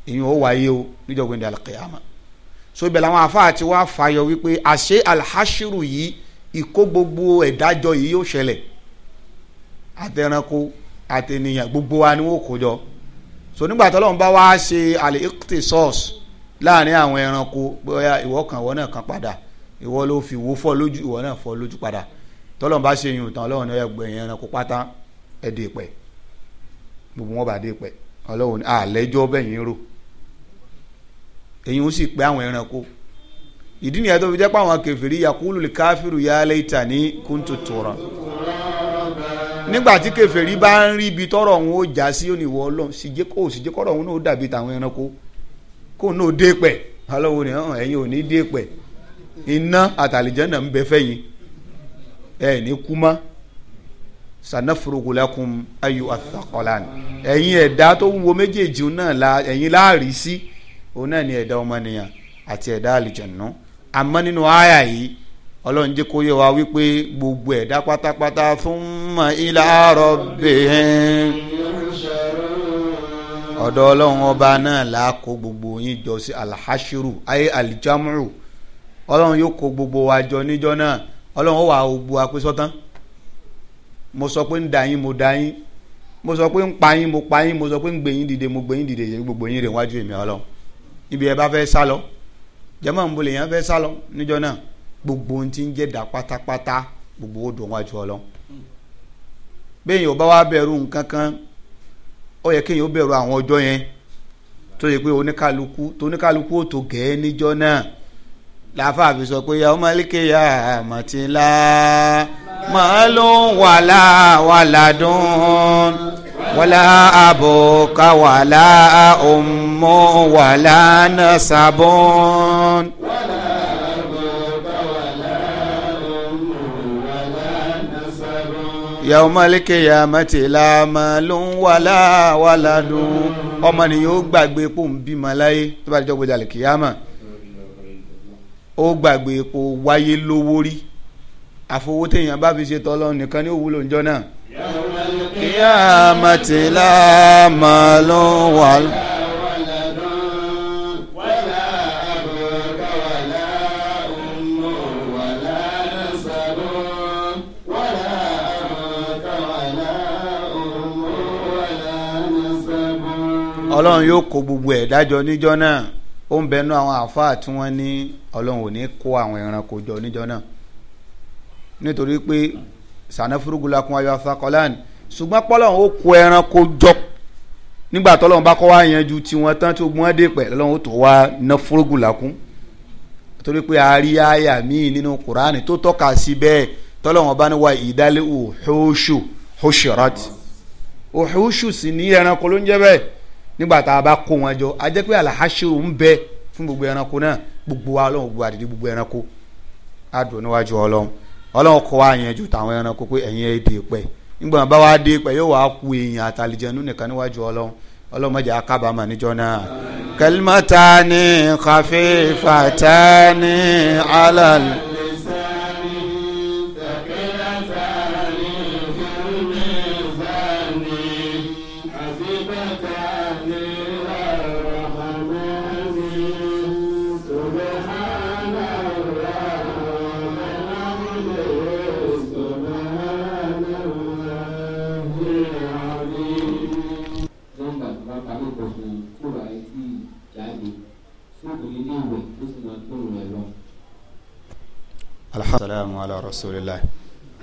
ìyẹn ó wáyé o níjọba ìdí alikiyama so ibẹ̀ làwọn afáà ti wá fàyọ wípé àṣé alhashiru yìí ìkó gbogbo ẹ̀dájọ yìí yóò ṣẹlẹ̀ àtẹranko àtẹnìyàn gbogbo wa ni wọ́n kó jọ so nígbà tó lọ́n bá wá ṣe àlè iqtisas láàrin àwọn ẹranko bóyá ìwọ kan ìwọ náà kan padà ìwọ ló fi wo fọ́ lójú ìwọ náà fọ́ lójú padà tọ́lọ́n bá ṣe yùn tán ọlọ́run ní ẹgbẹ́ yẹn ẹranko pátá ẹ dé pẹ́ gbogbo wọn bá dé pẹ́ ọlọ́run ní àlẹ́jọ́ bẹ́yìn rò èyí ń sì pé àwọn ẹranko ìdí nìyẹn tó fi jẹ́ pé àwọn kèfèrí yakulu káfíru yálé ìtà ní kúntùtùrọ̀. nigbati keferi kèfèrí bá ń rí ibi tọ́rọ̀ òun ó já sí òníwọ̀ ọlọ́run síjẹ́ kó síjẹ́ kọ́rọ̀ òun náà dàbí tàwọn ẹranko kó náà dé pẹ̀ alọ́wọ́ ni hàn ẹ̀yin ò ní dé pẹ̀ iná àtàlìjẹ́ náà ń bẹ fẹ́yìn ẹ̀ ní ẹ̀yin ẹ̀dá tó ń wo méjèèjì náà la ẹ̀yin láàrí sí òun náà ni ẹ̀dá ọmọnìyàn àti ẹ̀dá àlìjẹ̀nù àmọ́ nínú yìí ọlọ́run jẹ́ kó yé wa wípé gbogbo ẹ̀dá pátápátá fún mọ̀ ilá rọ̀bìn ọ̀dọ̀ ọlọ́run ọba náà là á kó gbogbo yín jọ sí alhashiru ayé alijamu ọlọ́run yóò kó gbogbo wa jọ níjọ́ náà ọlọ́run ó wà gbogbo apẹ́sọ́tán mo sọ pé ń dà yín mo dà yín mo sọ pé ń pa yín mo pa yín mo sọ pé ń gbé yín dìde mo gbé yín dìde gbogbo yín rè wájú èmi ọlọ́run ibi ẹ bá fẹ́ sálọ jẹ́mọ̀ ń bolè yẹn fẹ́ sálọ níjọ́ náà gbogbo ohun tí ń jẹ́ dà pátápátá gbogbo ó dùn wájú ọlọ́run bẹ́ẹ̀ yóò bá wá bẹ̀rù nǹkan kan ó yẹ kéèyàn ó bẹ̀rù àwọn ọjọ́ yẹn tó yẹ pé oníkálukú tó oníkálukú ò tó gẹ́ẹ́ níjọ́ náà láfàá fi sọ pé ya ọmọ alékè ya àmọ̀tínlá màá ló ń wàlá wàlá dùn wàlá àbùkà wàlá ọmọ wàlá nàṣàbọ̀n. yawmal qiyamati la malun wala waladun ọmọnìyàn ó gbàgbé epo ń bímọ láyé tó bá dijọ́ gbọdọ̀ àlìkìyàmà ó gbàgbé epo wáyé lówó rí àfowó téèyàn bá fi ṣe tọ́lọ́ nìkan ní òwúlò ńjọ́ náà. yawmal qiyamati la malun wala. ọlọ́run yóò kó gbogbo ẹ̀dá jọ níjọ́ náà ó ń bẹnu àwọn àáfàá tí wọ́n ní ọlọ́run ò ní kó àwọn ẹranko jọ níjọ́ náà nítorí pé sànáfúrúgula kún ayọ̀ afakọ́láàn ṣùgbọ́n pọ́lọ́run ó kó ẹranko jọ nígbà tọ́lọ́run bá kọ́ wá yanjú tiwọn tán tí ogun wọn dé pẹ̀ lọ́lọ́run ó tó wá ná fúrúgula kún torí pé àárí àyà míì nínú kùránì tó tọ́ka sí bẹ́ẹ̀ tọ́lọ́run bá ní wa ìdálé òhóṣù hóṣìrọ́tì òhóṣù sì ní ẹranko ló ń jẹ́ bẹ́ẹ̀ nígbà tá a bá kó wọn jọ a jẹ́ pé alahasiru ń bẹ fún gbogbo ẹranko náà gbogbo wa ọlọ́run gbogbo àdìdí gbogbo ẹranko a dùn níwájú ọlọ́run ọlọ́run kọ́ wa yẹn ju tàwọn ẹranko pé ẹ̀yin ẹ̀ dé pẹ́ nígbà wọn bá wa dé pẹ́ yóò wá ku èèyàn àtàlìjẹnu nìkan níwájú ọlọ́run ọlọ́run má jẹ́ a kábàámọ̀ níjọ́ náà. kalimatani khafifatani alal. Assalamu ala rasulillah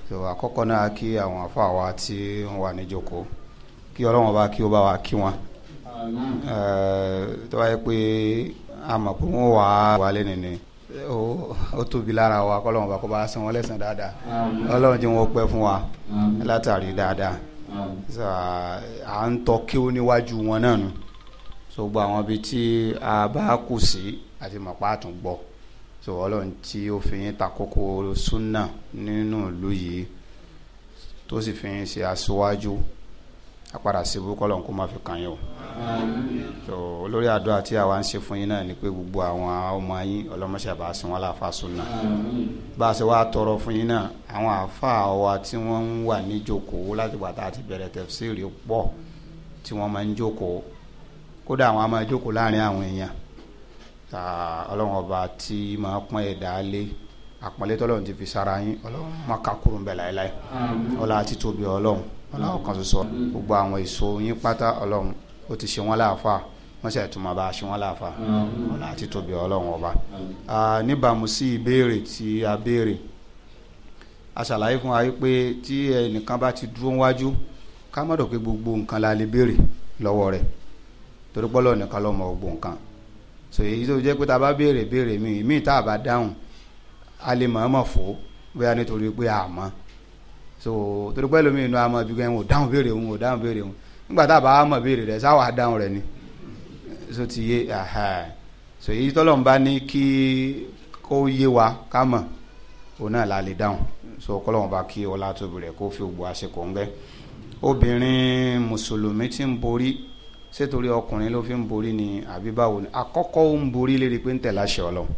So àkọ́kọ́ náà kí àwọn àfáà wa tí wọ́n wà níjókòó kí Ọlọ́run bá kí ó bá wa kí wọn tó bá yẹ pé àmọ́ pé wà á wà ó tóbi lára wa kọ́lọ́run bá kó bá san wọ́n lẹ́sàn dáadáa Ọlọ́run jẹ́ wọn pẹ́ fún wa látàrí dáadáa à ń tọ́ kí ó níwájú wọn náà nù so gbogbo àwọn ibi tí a bá kù sí àti mọ̀pá àtúngbọ̀ so ọlọ́run tí ó fi yín ta kókó súnà nínú ìlú yìí tó sì fi yín ṣe aṣíwájú apàdà síbú kọ́lọ̀ kó má fi kàn yín o so olórí àdúrà tí àwa ń ṣe fún yín náà ni pé gbogbo àwọn ọmọ yín ọlọ́mọṣẹ́ bá sin wọn láàfà súnà bá a ṣe wá tọrọ fún yín náà àwọn àáfà wa tí wọ́n ń wà níjókòó láti gbà tá a ti bẹ̀rẹ̀ tẹ̀síìrì pọ̀ tí wọ́n máa ń jókòó kódà àwọn a máa jókòó láàrin àwọn èèyàn ta ọlọ́run ọba tí máa pọ́n ẹ̀dá lé àpọ́nlé tọ́lọ́run ti fi sára yín ọlọ́run máa ká kúrò ń bẹ̀ láéláé ọlá àti tóbi ọlọ́run ọlá ọ̀kan ṣoṣo gbogbo àwọn èso yín pátá ọlọ́run ó ti ṣe wọ́n láàfà wọ́n sì tún máa bá a ṣe wọ́n láàfà ọlá àti tóbi ọlọ́run ọba. níbàámu sí ìbéèrè tí a béèrè a ṣàlàyé fún wa pé tí ẹnìkan ti dúró wájú ká má dọ̀ pé gbogbo nǹkan la lè béèrè lọ́wọ́ rẹ̀ torí pé nìkan ló mọ gbogbo nǹkan so èyí tó jẹ́ pé tá a bá béèrè béèrè mi míì tá a bá dáhùn a lè mọ̀ ọ́n mọ̀ fò bóyá nítorí pé a mọ̀ so torí pé lómi inú àmọ́ ibìkan ò dáhùn béèrè òun ò dáhùn béèrè òun nígbà tá a bá mọ̀ béèrè rẹ̀ sáwà á dáhùn rẹ̀ ni so ti yé so èyí tọ́lọ́run bá ní kí kó yé wa ká mọ̀ òun náà la lè dáhùn so kọ́lọ́run bá kí ọlá tóbi rẹ̀ kó fi ògbó àṣekọ̀ ń gẹ́ obìnrin mùsùlùmí ti ń borí ṣé torí ọkùnrin ló fi ń borí ni àbí báwo ni àkọ́kọ́ ó ń borí lérí pé ń tẹ̀ láṣẹ ọlọ́run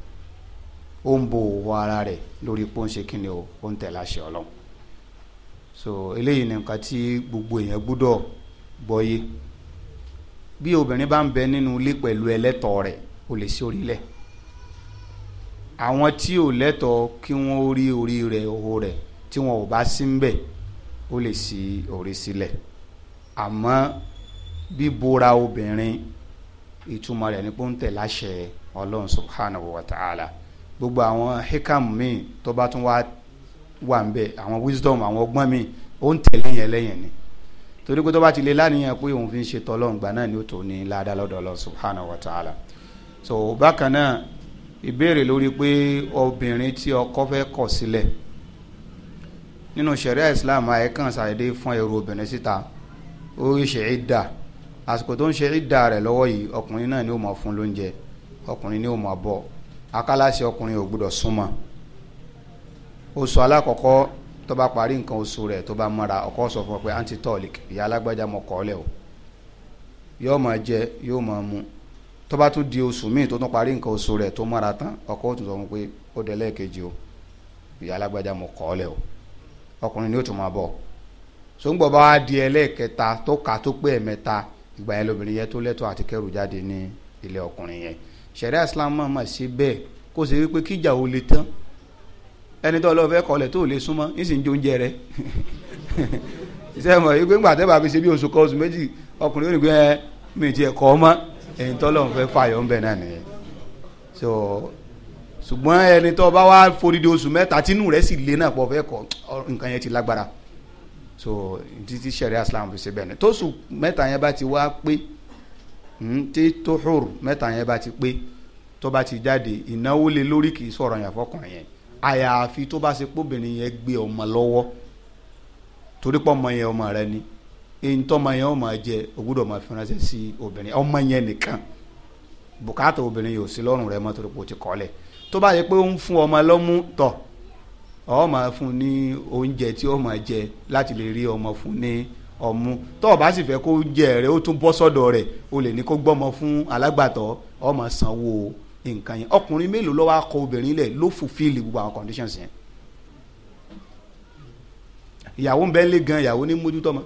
ó ń bo òwò ara rẹ̀ lórí pé ó ń ṣe kíni o ó ń tẹ̀ láṣẹ ọlọ́run so eléyìí ni nǹkan tí gbogbo èèyàn gbúdọ̀ gbọ́yé bí obìnrin bá ń bẹ nínú ilé pẹ̀lú ẹlẹ́tọ̀ọ́ rẹ̀ ó lè sí orílẹ̀ àwọn tí ò lẹ́tọ̀ọ́ kí wọ́n rí orí rẹ̀ òwò rẹ̀ tí wọn ò bá sí ń bẹ̀ ó lè sí orí sílẹ̀ àmọ́ bíbora obìnrin ìtumọ̀ rẹ̀ ní pọ́ńtẹ̀ láṣẹ ọlọ́run subhanahu wa ta'ala gbogbo àwọn hikam míì tó bá tún wà ń bẹ àwọn wisdom àwọn ọgbọ́n míì ó ń tẹ̀lé yẹn lẹ́yìn ni torí pé tó bá ti lè lánìyàn pé òun fi ń ṣe tọ́lọ́run gbà náà ni ó tó ní ládàá lọ́dọ̀ ọlọ́run subhanahu wa ta'ala so bákan náà ìbéèrè lórí pé obìnrin tí ọkọ fẹ́ kọ̀ sílẹ̀ nínú ṣẹ̀ríà islam ayé kan ṣàdédé fún ẹrú obìnrin síta ó ṣe àsìkò tó ń ṣe da rẹ̀ lọ́wọ́ yìí náà ni ó fún lóúnjẹ ọkùnrin ni ó ma bọ ọkùnrin ò oṣù tó bá parí nǹkan oṣù tó bá ọkọ sọ fún ọ pé antitolic ìyá alágbájá mọ o yóò máa jẹ yóò máa mu tó di oṣù míì tó tún parí nǹkan oṣù tó tán ọkọ tún sọ fún pé o ìyá alágbájá mọ o ọkùnrin ni ó tún bá wá di ẹlẹ́ẹ̀kẹta tó tó pé ìgbà yẹn lóbìnrin yẹn tó lẹ́tọ̀ọ́ àti kẹ́rù jáde ní ilé ọkùnrin yẹn ṣẹ̀ríà islam máa ma ṣe bẹ́ẹ̀ kó ṣe wípé kíjà ò le tán ẹni tó lọ́ọ́ fẹ́ kọlẹ̀ tó lè súnmọ́ ní sì ń jẹ oúnjẹ rẹ sẹ́wọ̀n ìgbé ńgbà tẹ́bà fi ṣe bí oṣù kan oṣù méjì ọkùnrin ó gbé mi ti ẹ̀kọ́ ọmọ ẹ̀yìn tó lọ́ọ́ fẹ́ fààyàn bẹ̀ náà nìyẹn so ṣùgbọ́n ẹni tó bá wá forídìí oṣù mẹ́ta tínú rẹ̀ sì le náà pọ̀ fẹ́ kọ nǹkan yẹn ti lágbára so títí sẹ̀ríà islam fi ṣe bẹ́ẹ̀ ni tóṣù mẹ́ta yẹn bá ti wá pé hmm, tí tóhùr mẹ́ta yẹn bá ti pé tó bá ti jáde ìnáwó lé lórí kì í sọ̀rọ̀ yàn fọkùnrin yẹn àyàfi tó bá ṣe pọ́bìnrin yẹn gbé ọmọ lọ́wọ́ torí pọ́ ọmọ yẹn ọmọ rẹ ni eyín tọ́mọ yẹn ọmọ jẹ ó gbọ́dọ̀ máa fi ránṣẹ́ sí obìnrin ọmọ yẹn nìkan bùkátà obìnrin yóò sí lọ́rùn rẹ mọ́ torí pé o ti kọ́ tó bá yẹ pé ó ń fún ọmọ lọ́mú tọ̀ ọ máa fún ní oúnjẹ tí ó máa jẹ láti lè rí ọmọ fún ní ọmú tó o bá sì fẹ́ kó jẹ rẹ ó tún bọ́ sọ́dọ̀ rẹ̀ o lè ní kó gbọ́mọ fún alágbàtọ́ ọ máa sanwó nǹkan yẹn ọkùnrin mélòó ló wá kọ obìnrin lẹ̀ ló fulfill gbogbo àwọn conditions yẹn ìyàwó ń bẹ́ lé gan ìyàwó ní mójútó ma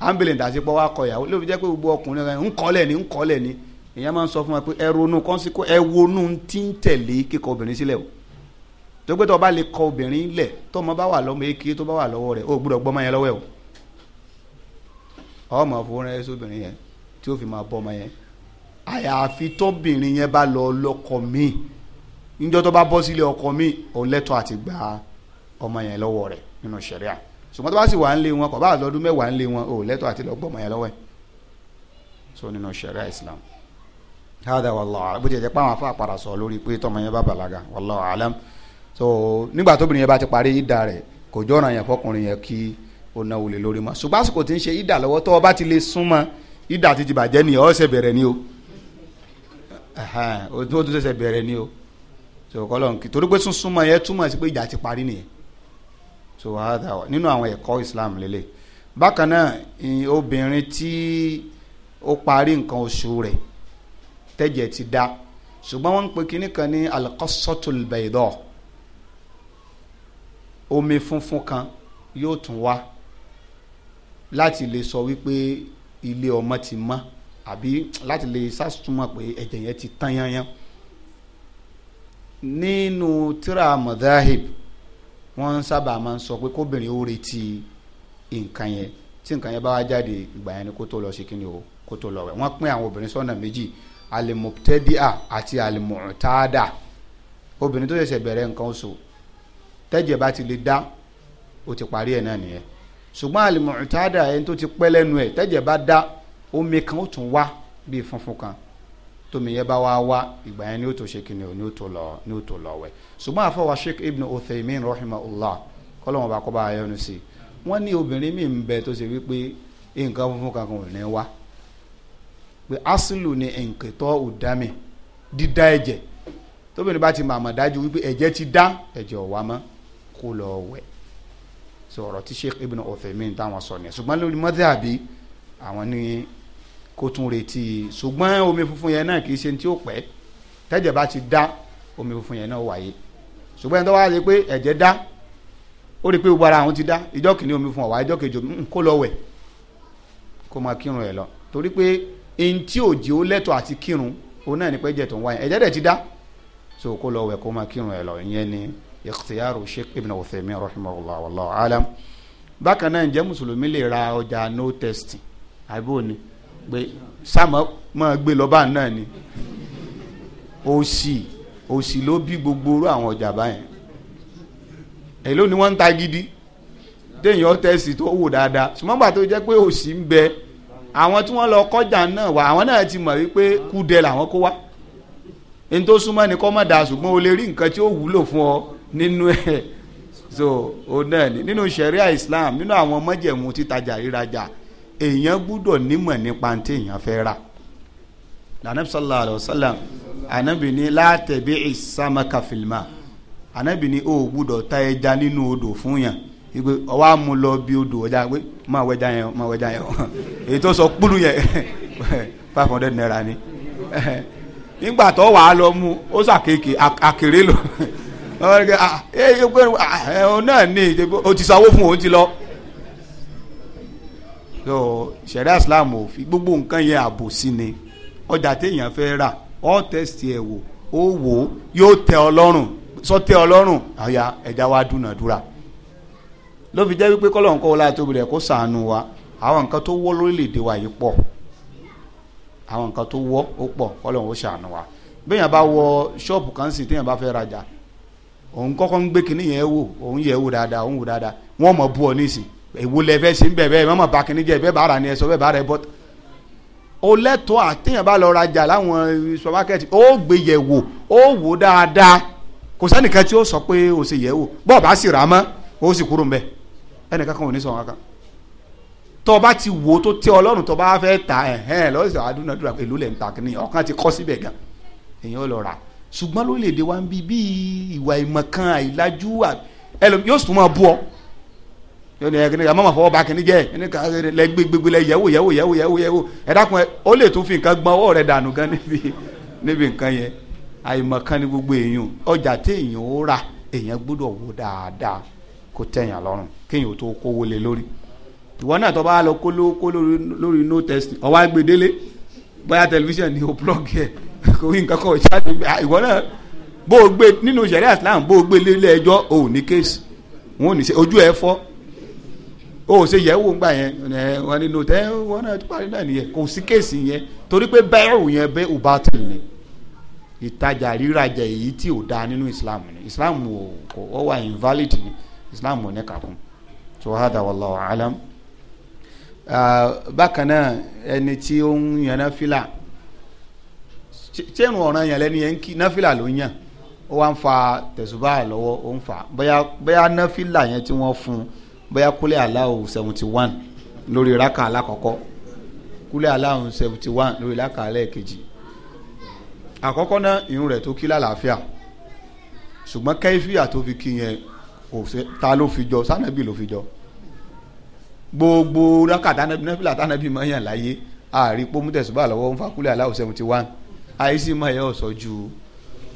ambulance àṣepọ̀ wa kọ ìyàwó lóbi jẹ́ pé gbogbo ọkùnrin rẹ̀ ń kọ́lẹ̀ ni ń kọ́lẹ̀ ní ìyẹn máa ń sọ fún wa pé ẹ ronú kọ́ńsíkó ẹ wonú ti ń tẹ̀lé kíkọ obìnrin sílẹ̀ o tó gbé tó bá lè kọ obìnrin lẹ̀ tó ọmọ bá wà lọ́mọ eke tó bá wà lọ́wọ́ rẹ̀ ó gbúdọ̀ gbọ́mọ yẹn lọ́wọ́ ẹ̀ o ọmọ fúnra sóbìnrin yẹn tí ó fi máa bọ́ ọmọ yẹn àyàfi tóbìnrin yẹn bá lọ lọ́kọ mi níjọ́ tó bá bọ́ sílé ọkọ mi òun lẹ́tọ̀ọ́ àti gba ọmọ yẹn lọ́wọ́ rẹ̀ nínú ṣẹ̀ríà ṣùgbọ́n tó bá sì wà ń lé wọn kò bá lọ́dún mẹ́wàá ń lé wọn ò lẹ́tọ̀ọ́ àti so nígbà tóbìnrin yẹn bá ti parí ìdá rẹ̀ kò jọ́ràn yẹn fọkùnrin yẹn kí ó náwó lè lórí mọ́ ṣùgbọ́n àsìkò tí ń ṣe ìdá lọ́wọ́ tó o bá ti lè súnmọ́ ìdá ti ti bàjẹ́ ni ó ṣe bẹ̀rẹ̀ ni o ó tún ṣẹ̀ṣẹ̀ bẹ̀rẹ̀ ni o so kọ́lọ́n kì torí pé súnmọ́ yẹn túmọ̀ sí pé ìjà ti parí nìyẹn so nínú àwọn ẹ̀kọ́ Islam lélẹ̀ bákan náà obìnrin tí ó parí nǹkan oṣù rẹ̀ tẹ́jẹ̀ ti dá ṣùgbọ́n wọ́n ń pe kinní kan ní alqassatul bayda omi funfun kan yóò tún wá láti lè sọ wípé ilé ọmọ ti mọ́ àbí láti lè sásùmọ̀ pé ẹ̀jẹ̀ yẹn ti tán yányán nínú tíra madahib wọ́n sábà máa ń sọ pé kóbìnrin ó retí nǹkan yẹn tí nǹkan yẹn bá wá jáde ìgbà yẹn ni kó tó lọ ṣe kí o kó tó lọ wẹ̀ wọ́n pín àwọn obìnrin sọ́nà méjì alimọ̀tẹ́díà àti alimọ̀tádà obìnrin tó ṣẹ̀ṣẹ̀ bẹ̀rẹ̀ nǹkan oṣù tẹ́jẹ̀ bá ti lè dá ó ti parí ẹ̀ náà nìyẹn ṣùgbọ́n àlùmọ̀tádà ẹni tó ti pẹ́ lẹ́nu ẹ̀ tẹ́jẹ̀ bá dá omi kan ó tún wá bíi funfun kan tómi yẹn bá wá wá ìgbà yẹn ni ó tó ṣe kíni ni ó tó lọ ni ó tó lọ wẹ̀ ṣùgbọ́n àfọwọ́ sheikh ibn Uthaymin rahimahullah kọ́lọ́wọ́n bá kọ́ bá yọnu sí i wọ́n ní obìnrin mi ń bẹ tó ṣe wípé nǹkan funfun kankan ò ní wá pé asilu ni nkìtọ́ ọ̀dàmì dídá ẹ̀jẹ̀ tóbi ni bá ti màmá dájú wípé ẹ̀jẹ̀ ti dá ẹ̀jẹ̀ ò wá mọ́ kó lọ wẹ̀ sọ̀rọ̀ tí Sheikh Ibn Uthaymin táwọn sọ ni ṣùgbọ́n lórí madhabi àwọn ní kó tún retí ṣùgbọ́n omi funfun yẹn náà kì í ṣe tí ó pẹ́ tẹ́jẹ̀ bá ti dá omi funfun yẹn náà wáyé ṣùgbọ́n ẹni tó wá rí i pé ẹ̀jẹ̀ dá ó rí i pé gbogbo ara àwọn ti dá ìjọ kìíní omi fún ọ̀wá ìjọ kejì omi kó lọ wẹ̀ kó máa kírun ẹ̀ lọ torí pé eyín tí ò jẹ́ ó lẹ́tọ̀ àti kírun òun náà ní pé ẹ̀jẹ̀ tó ń wáyé ẹ̀jẹ̀ dẹ̀ ti dá so kó lọ wẹ̀ kó máa kírun ẹ̀ lọ ìyẹn ni ikhtiyaru sheikh ibn Uthaymin rahimahullah wallahu alam bákan náà ǹjẹ́ mùsùlùmí lè ra ọjà no testing àbí òní pé sáàmọ́ máa gbé lọ́ba náà ni òsì òsì ló bí gbogbo orú àwọn ọjà báyẹn èló ni wọ́n ń ta gidi téèyàn tẹ̀sí tó wò dáadáa sùmọ́gbà tó jẹ́ pé òsì ń bẹ àwọn tí wọ́n lọ kọjá náà wà àwọn náà ti mọ̀ wípé kúdẹ làwọn kó wá ní tó súnmọ́ ni kọ́ mọ̀ dà ṣùgbọ́n o lè rí nǹkan tí ó wúlò fún ọ nínú ẹ̀ so òun náà ni nínú sẹ̀ríà Islam nínú àwọn mọ́jẹ̀mú títajà rírajà èèyàn gbúdọ̀ nímọ̀ nípa tí èèyàn fẹ́ rà lànà sallallahu alayhi wa sallam anabi ni látẹ̀bí ìsàmàkà fìlmà anabi ni o gbúdọ̀ ta ẹja nínú odò fún yàn ìgbé ọwọ́ àmú lọ bí odò ọjà pé máa wẹja yẹn máa wẹja yẹn èyí tó sọ kpulu yẹn five hundred naira ni nígbà tó wàá lọ mú ó sàkéèké àkèrè lọ wọ́n rí ah ẹ ẹ ọ náà ní o ti sanwó fún òun ti lọ. yọ sẹ̀rẹ́ islam ò fi gbogbo nǹkan yẹn àbòsí ni ọjà téèyàn fẹ́ rà ọ́ tẹ̀sí ẹ̀ wò ó wò ó yóò tẹ ọ lọ́rùn sọ tẹ ọ lọ́rùn àyà ẹ̀dá wa dúnàdúrà ló fi jẹ́ wípé kọ́lọ̀ nǹkan wọlé àtòbí rẹ̀ kó sàánú wa àwọn nǹkan tó wọ́ lórílẹ̀‐èdè wa yìí pọ̀ àwọn nǹkan tó wọ́ ó pọ̀ kọ́lọ̀ ń ó sàánú wa bẹ́ẹ̀ yẹn bá wọ ṣọ́ọ̀bù kan sì téèyàn bá fẹ́ rajà òun kọ́kọ́ ń gbé kinní yẹn wò òun yẹ wò dáadáa òun wò dáadáa wọ́n mọ̀ bú ọ nísìn èwo lẹ fẹ́ sí bẹ́ẹ̀ bẹ́ẹ̀ mọ̀mọ́ bá jẹ́ bẹ́ẹ̀ bá ara ni ẹ sọ bẹ́ẹ̀ bá ara ẹ bọ́ o lẹ́tọ́ àtẹ̀yìn bá lọ rajà láwọn sọmákẹ́tì ó gbé yẹ̀ wò ó wò dáadáa kò sẹ́nìkan tí ó sọ pé o sì yẹ̀ wò bọ́ọ̀ bá sì rà mọ́ o sì kúrò ń bẹ̀ ẹnìkan kan ò ní sọ wọn kan tọ́ bá ti wò tó tẹ́ ọlọ́run tọ́ bá fẹ́ ta ẹ̀hẹ́n lọ́sọ̀ adúnadúrà pẹ̀lú lẹ́ńtà kìnìyàn ọ̀kan ti kọ́ ṣùgbọ́n lórílẹ̀‐èdè wa ń bí bí ìwà ìmọ̀kan àìlájú ẹlòmí yóò sùn máa bú ọ yóò ní ẹgbẹ́ nígbà máma fọwọ́ bá kìíní jẹ́ ẹni ká lẹ gbégbégbé lẹ yẹ̀wò yẹ̀wò yẹ̀wò yẹ̀wò yẹ̀wò ẹ dákun ẹ ó lè tún fi nǹkan gbọ́n ọwọ́ rẹ dànù gan níbi níbi nǹkan yẹn àìmọ̀kan ni gbogbo èèyàn ọjà tí èèyàn ó rà èèyàn gbọ́dọ̀ wò dáadáa kó tẹ̀yàn lọ́rùn kéèyàn ó tó kówó lé lórí ìwọ náà tó bá lọ kó lórí no testing ọwọ́ agbèdélé bóyá tẹlifíṣàn ni ó plọ́ọ̀gì ẹ̀ kò rí nǹkan kan ṣáàtì ìwọ náà bó o gbé nínú sẹ̀rí islam bó o gbé lé ilé ẹjọ́ o ò ní kéésì wọn ò ní ṣe ojú ẹ fọ́ o ò ṣe yẹ̀wò ńgbà yẹn ẹ wọn nínú tẹ wọn náà tó parí náà nìyẹn kò sí kéèsì yẹn torí pé bẹ́ẹ̀rù yẹn bẹ́ẹ̀ ò bá tì ní ìtajà rírajà èyí tí ò da nínú islam ni islam ò kò ọ wà invalid ni islam ò ní kàkún so hada wallahu alam ah, bákan náà ẹni tí ó ń yànnà fìlà ṣéèrùn ọ̀ràn yẹn ni yẹn ń kí náfìlà ló ń yàn ó wá ń fa tẹ̀sùbá lọ́wọ́ ó ń fa bóyá bóyá náfìlà yẹn tí wọ́n fún bóyá kúlẹ̀ aláwọ̀ seventy one lórí rákà alákọ̀ọ́kọ́ kúlẹ̀ aláwọ̀ seventy one lórí rákà alẹ́ẹ̀kejì àkọ́kọ́ náà irun rẹ̀ tó kí lálàáfíà ṣùgbọ́n kẹ́fíà tó fi kí yẹn kò ṣe ta ló fi jọ sànàbì ló fi jọ gbogbo rákà tánàbì náfìlà tánàbì máa yàn láyé àárí pọ́mú tẹ̀sùbá lọ́wọ́ ń fa kúlẹ̀ aláwọ̀ seventy one àìsí mọ ẹ̀yẹ ọ̀sọ́ ju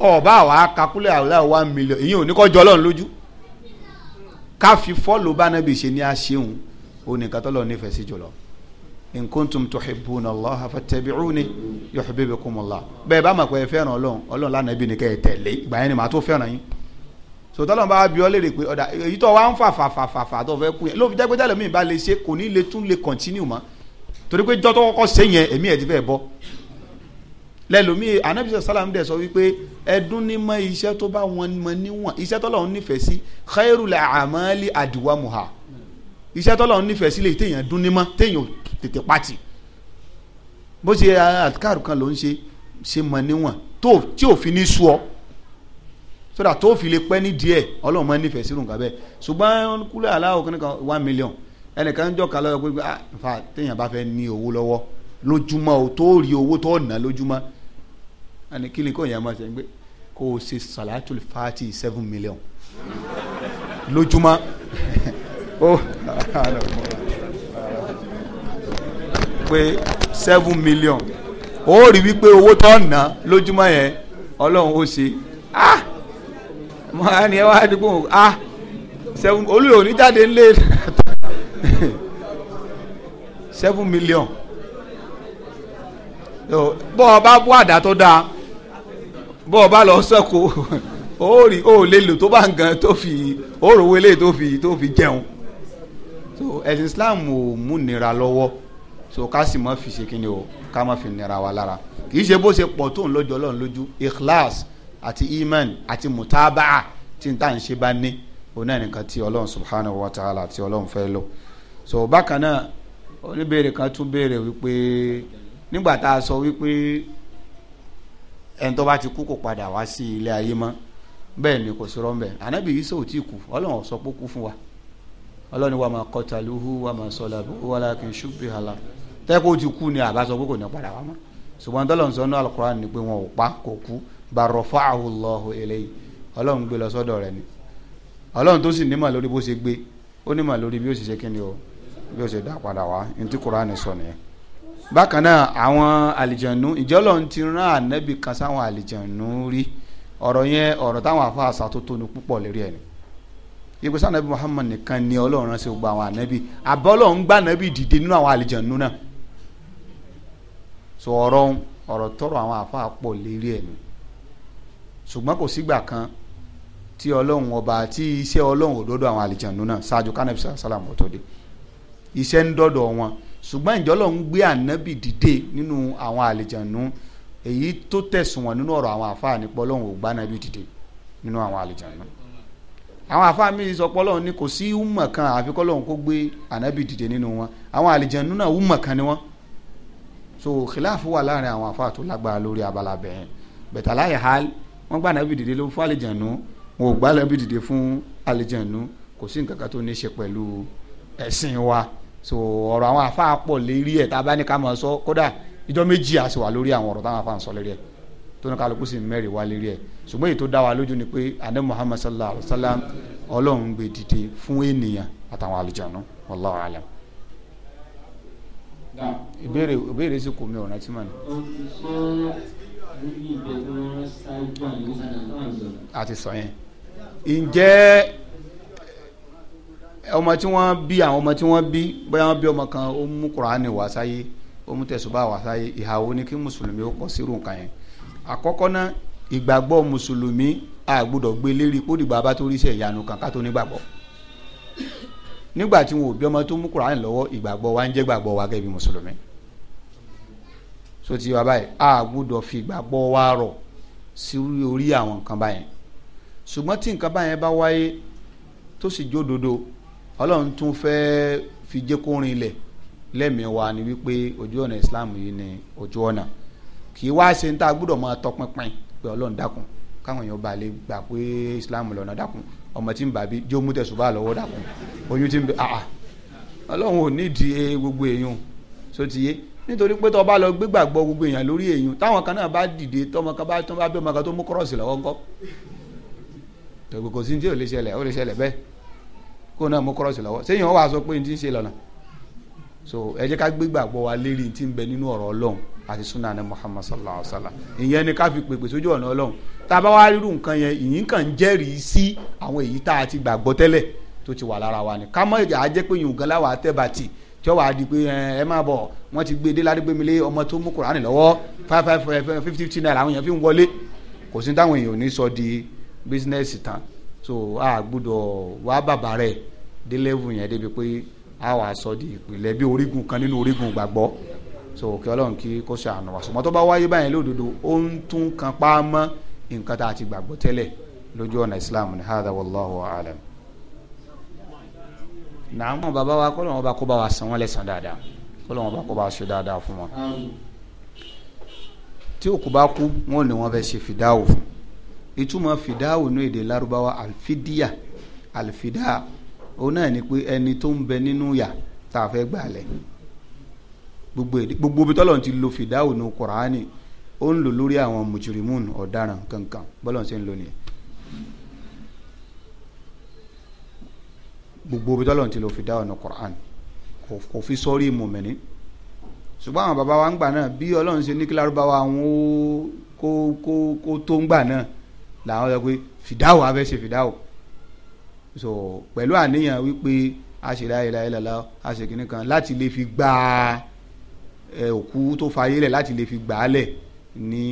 ọba àwa kakulẹ̀ àwòrán one million ìyẹn ò ní kọ́ jọ ọlọ́run lójú ká fi fọ́ọ̀lù bánabi ṣe ní aṣeun onìkan tó lọ nífẹ̀ẹ́ sí jùlọ in kuntum tuhibbuna Allah fattabi'uni yuhibbukum Allah bẹ́ẹ̀ bá mọ̀ pé ẹ fẹ́ràn ọlọ́run ọlọ́run lánàá ibi nìkan ẹ tẹ̀lé ìgbà yẹn ni màá tó fẹ́ràn yín sọtọ́lọ́n bá bí ọ léèrè pé ọ̀dà èyí tó wá ń fà fà fà fà fà tó fẹ́ kú yẹn ló fi jẹ́ mi ìbá lè ṣe kò ní lè tún lè continue mọ́ torí pé jọ́tọ́ kọ́kọ́ ṣe yẹn èmi ẹ̀ ti fẹ́ bọ́ lẹ́lòmí anábìsẹ̀ sálàm dẹ̀ sọ wípé ẹdún ní mọ iṣẹ́ tó bá wọn mọ níwọ̀n iṣẹ́ tọ́lọ́run nífẹ̀ẹ́ sí khairul amali adwamuha iṣẹ́ tọ́lọ́run nífẹ̀ẹ́ sí lè téèyàn dún ní mọ́ téèyàn tètè pati bó ṣe àtikárù kan ló ń ṣe ṣe mọ níwọ̀n tí ò fi ní sú ọ sódà tó fi lè pẹ́ ní díẹ̀ ọlọ́run máa nífẹ̀ẹ́ sírun kan bẹ́ẹ̀ ṣùgbọ́n kúlẹ̀ kan kan one million ẹnìkan jọ kan lọ́yọ̀ pé ah nfa téèyàn bá fẹ́ ní owó lọ́wọ́ lójúmọ́ o tó rí owó tó ná lójúmọ́ ẹni kí ni kò yẹn máa ṣe gbé kó o ṣe salatul fati seven million lójúmọ́ ó oh, pé seven million ó rí wípé owó tó ń ná lójúmọ́ yẹn ọlọ́run ó ṣe ah mo á ní ẹ wá dúpọ̀ ah seven olùyẹ̀ oníjáde ńlẹ̀ seven million bọ́ ọ bá bú àdá tó dáa bọ́ ọ bá lọ sọ́kò ó rí ó lè lò tó bá ń gan tó fi ó rò wọlé tó fi tó fi jẹun so ẹ̀sìn Islam ò mú nira lọ́wọ́ so ká sì má fi ṣe kíni o ká má fi nira wa lára kì í ṣe bó ṣe pọ̀ tó ń lójú ọlọ́run lójú ikhlas àti iman àti mutaba tí n ta n ṣe bá ní oní ẹnìkan tí ọlọ́run subhanahu wa ta'ala tí ọlọ́run fẹ́ lò so bákan náà oníbèrè kan tún béèrè wípé nígbà tá a sọ wípé ẹni tó bá ti kú kò padà wá sí ilé ayé mọ́ bẹ́ẹ̀ ni kò sọ̀rọ̀ mbẹ́ ànábì yìí sọ̀ tí kú ọlọ́run sọ pé kú fún wa ọlọ́run ni wà máa qataluhu wà máa salabuhu walakin shubbiha lahu tẹ́kọ̀ ti kú ni àbá sọ pé kò ní padà wá mọ́ ṣùgbọ́n tọ́lọ̀ sọ ní alukur'an ni pé wọn ò pa kò kú bá rafa'ahu Allahu ilayhi ọlọ́run gbé lọ sọ́dọ̀ rẹ̀ ni ọlọ́run tó sì nímọ̀ lórí bó ṣe gbé ó nímọ̀ lórí bí ó ṣe ṣe kí ni o bí ó ṣe dá padà wá ní tí kúránì sọ nìyẹn bákan náà àwọn àlìjànú ìjọlọ ń ti rán ànábì kan sáwọn àlìjànú rí ọ̀rọ̀ yẹn ọ̀rọ̀ táwọn àfáà sàtótónu púpọ̀ lérí ẹ̀ ni ipe sànàbí Muhammad nìkan ni Ọlọ́run ránṣẹ́ gbogbo àwọn ànábì àbọ̀ Ọlọ́run gbà ànábì dìde nínú àwọn àlìjànú náà so ọ̀rọ̀ ọ̀rọ̀ tọrọ àwọn àfáà pọ̀ lérí ẹ̀ ni ṣùgbọ́n kò sígbà kan tí ọlọ́run ọba tí iṣẹ́ ọlọ́run òdodo àwọn àlìjànú náà ṣáájú kánẹ́bísà sálàmù ọ̀tọ́dé iṣẹ́ ń dọ́dọ̀ wọn ṣùgbọ́n ìjọlọ ń gbé ànábì dìde nínú àwọn àlejànú èyí tó tẹ̀sùn wọn nínú ọ̀rọ̀ àwọn àfáà ní pọ́lọ́hún ò gbá ànábì dìde nínú àwọn àlejànú àwọn àfáà mi sọ pọ́lọ́hún ni kò sí ùmọ̀ kan àfi kọ́lọ́hún kó gbé ànábì dìde nínú wọn àwọn àlejànú náà ùmọ̀ kan ni wọ́n so kìláàfù wà láàrin àwọn àfáà tó lágbára lórí abala bẹ́ẹ̀ bẹ̀tàláyà hal wọ́n gbà ànábì dìde ló fún àlejànú wọn ò gbá ànábì dìde fún àlejànú kò sí nǹkan kan tó ní í ṣe pẹ̀lú ẹ̀sìn wa so ọ̀rọ̀ àwọn afa pọ̀ lérí ẹ̀ tá a bá ní ká máa sọ kódà ìjọ méjì a sì wà lórí àwọn ọ̀rọ̀ táwọn afa ń sọ lérí ẹ̀ tó ní kálukú sì mẹ́rin wá lérí ẹ̀ ṣùgbọ́n èyí tó dá wa lójú ni pé adé muhammad sallallahu alayhi wa sallam ọlọ́run gbé dìde fún ènìyàn àtàwọn àlùjànnú wallahu alam. ìbéèrè ìbéèrè sì kò mi ò rántí mọ́ ni. àti sọ yẹn ǹjẹ́ ọmọ tí wọ́n bí àwọn ọmọ tí wọ́n bí bóyá wọ́n bí ọmọ kan ó mú kuraani wá sáyé ó mú tẹ̀sùbá wá sáyé ìhàwó ni kí mùsùlùmí ó kọ́ sírù nǹkan yẹn àkọ́kọ́ náà ìgbàgbọ́ mùsùlùmí àgbọ́dọ̀ gbé lérí kó dìgbà bá tó rí iṣẹ́ ìyanu kan ká tó nígbàgbọ́ nígbà tí wọn ò bí ọmọ tó mú kuraani lọ́wọ́ ìgbàgbọ́ wa ń jẹ́ gbàgbọ́ wa gẹ́gẹ́ bí mùsùlùmí so ti wa báyìí àgbọ́dọ̀ fi ìgbàgbọ́ tó sì jódodo ọlọ́run tún fẹ́ fi jẹ́ kó rin ilẹ̀ lẹ́mìí wa ni wípé ojú ọ̀nà islam yìí ni ojú ọ̀nà kì í wá ṣe ń tá a gbọ́dọ̀ máa tọpinpin pé ọlọ́run dákun káwọn èèyàn bá lè gbà pé islam lọ́nà dákun ọmọ tí ń bà bí jó mú tẹ̀sùbá lọ́wọ́ dákun oyún tí ń bẹ àà ọlọ́run ò nídìí e gbogbo èèyàn só ti yé nítorí pé tó bá lọ gbégbàgbọ́ gbogbo èèyàn lórí èèyàn táwọn kan náà bá dìde tọmọ kan bá tọ́ kan tó mú kọ́rọ̀sì lọ́wọ́ ńkọ́ tòkòkò sí ní ò lè ṣẹlẹ̀ ó lè ṣẹlẹ̀ bẹ́ẹ̀ kó náà mú kọ́rọ́ọ̀sì lọ́wọ́ sẹ́yìn wọn wàá sọ pé n ti ń ṣe lọ́nà so ẹ jẹ́ ká gbégbàgbọ́ wa lérí ti ń bẹ nínú ọ̀rọ̀ ọlọ́run àti sunna ní muhammad sallallahu alaihi wa sallam ìyẹn ni ká fi pèpè sójú ọ̀nà ọlọ́run tá a bá wá rírun nǹkan yẹn ìyín kàn ń jẹ́rìí sí àwọn èyí tá a ti gbàgbọ́ tẹ́lẹ̀ tó ti wà lára wa ni ká mọ̀ ìjà ajẹ́ pé yùngàn láwa àtẹ̀bàtì tí wàá di pé ẹ máa bọ̀ wọ́n ti gbé déládé gbé mi lé ọmọ tó mú kúránì lọ́wọ́ five five fifty naira àwọn èèyàn fi ń wọlé kò sí táwọn èèyàn ò ní sọ di bísínẹ́sì tán so a gbọ́dọ̀ wá bàbá rẹ̀ dé level yẹn débi pé a wà sọ di ìpìlẹ̀ bí orígun kan nínú orígun gbàgbọ́ so kí ọlọ́run kí kó ṣàánú wa ṣùgbọ́n tó bá wáyé báyìí lódodo ó ń tún kan pa á mọ́ nǹkan tá a ti gbàgbọ́ tẹ́lẹ̀ lójú ọ̀nà islam ní hadha wallahu alam. nàámọ̀ bàbá wa kọ́ lọ́wọ́ bá kó bá wa san wọ́n lẹ́sàn dáadáa kọ́ lọ́wọ́ bá kó bá wa ṣe dáadáa fún wọn. tí òkú bá kú wọn ò ní wọn fẹ́ ṣe fìdáwò fún un ìtumọ̀ fìdáwò ní èdè Lárúbáwá alfidia alfida òun náà ni pé ẹni tó ń bẹ nínú yà tá a fẹ́ gbà lẹ̀ gbogbo èdè gbogbo bí tọ́lọ̀ ti lo fìdáwò ní Kùránì ó ń lò lórí àwọn mùjìrìmùn ọ̀daràn kankan bọ́lọ̀ ṣe ń lò nìyẹn gbogbo bí tọ́lọ̀ ti lo fìdáwò ní Kùránì kò fi sọ́rí mùmẹ́ni ṣùgbọ́n àwọn baba wa ń gbà náà bí Ọlọ́run ṣe ní kí Lárúbáwá àwọn kó kó kó tó ń gbà náà làwọn sọ pé fìdáwò a fẹ́ ṣe fìdáwò so pẹ̀lú àníyàn wípé a ṣe láyé láyé lọ́la a ṣe kìnnì kan láti lè fi gbà ẹ òkú tó fayé lẹ̀ láti lè fi gbà á lẹ̀ ní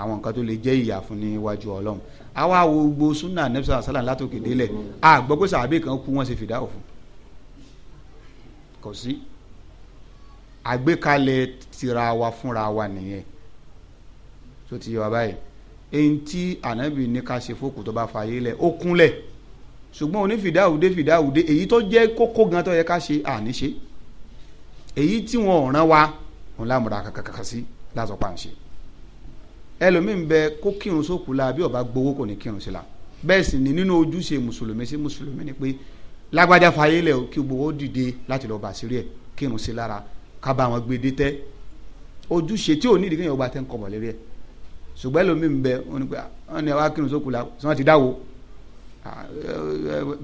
àwọn nǹkan tó lè jẹ́ ìyà fún níwájú ọlọ́run àwa wo gbogbo sunna nebisa salam látòkè délẹ̀ a gbọ́ pé sàbẹ̀ kan kú wọ́n ṣe fìdáwò fún kò sí àgbékalẹ̀ tira wa fúnra wa nìyẹn tó ti yọ báyìí eyín tí ànábì ní ká ṣe fókù tó bá fàyè lẹ̀ ó kúnlẹ̀ ṣùgbọ́n onífìdáwùdé fìdáwùdé èyí tó jẹ́ kókó gan tó yẹ ká ṣe àní ṣe èyí tí wọn ò rán wa òun lámùra kàkàkà sí lásọpá ń ṣe ẹlòmíín bẹ kó kírun sókù la bí ọba gbowó kò ní kírun sí la bẹ́ẹ̀ sì ni nínú ojúṣe mùsùlùmí sí mùsùlùmí ni pé lágbájá fàyè lẹ̀ kí gbowó dìde láti lọ́ọ́ bá sírí ẹ̀ kírun sí lára ká wọn gbé dé tẹ́ ojúṣe tí ò ní ìdí kéèyàn gba tẹ́ ń kọ̀ mọ́ lérí ẹ̀ ṣùgbọ́n ẹlòmíì ń bẹ wọn ni pé wọn ni wàá kírun sókùlà sọ wọn ti dáwọ́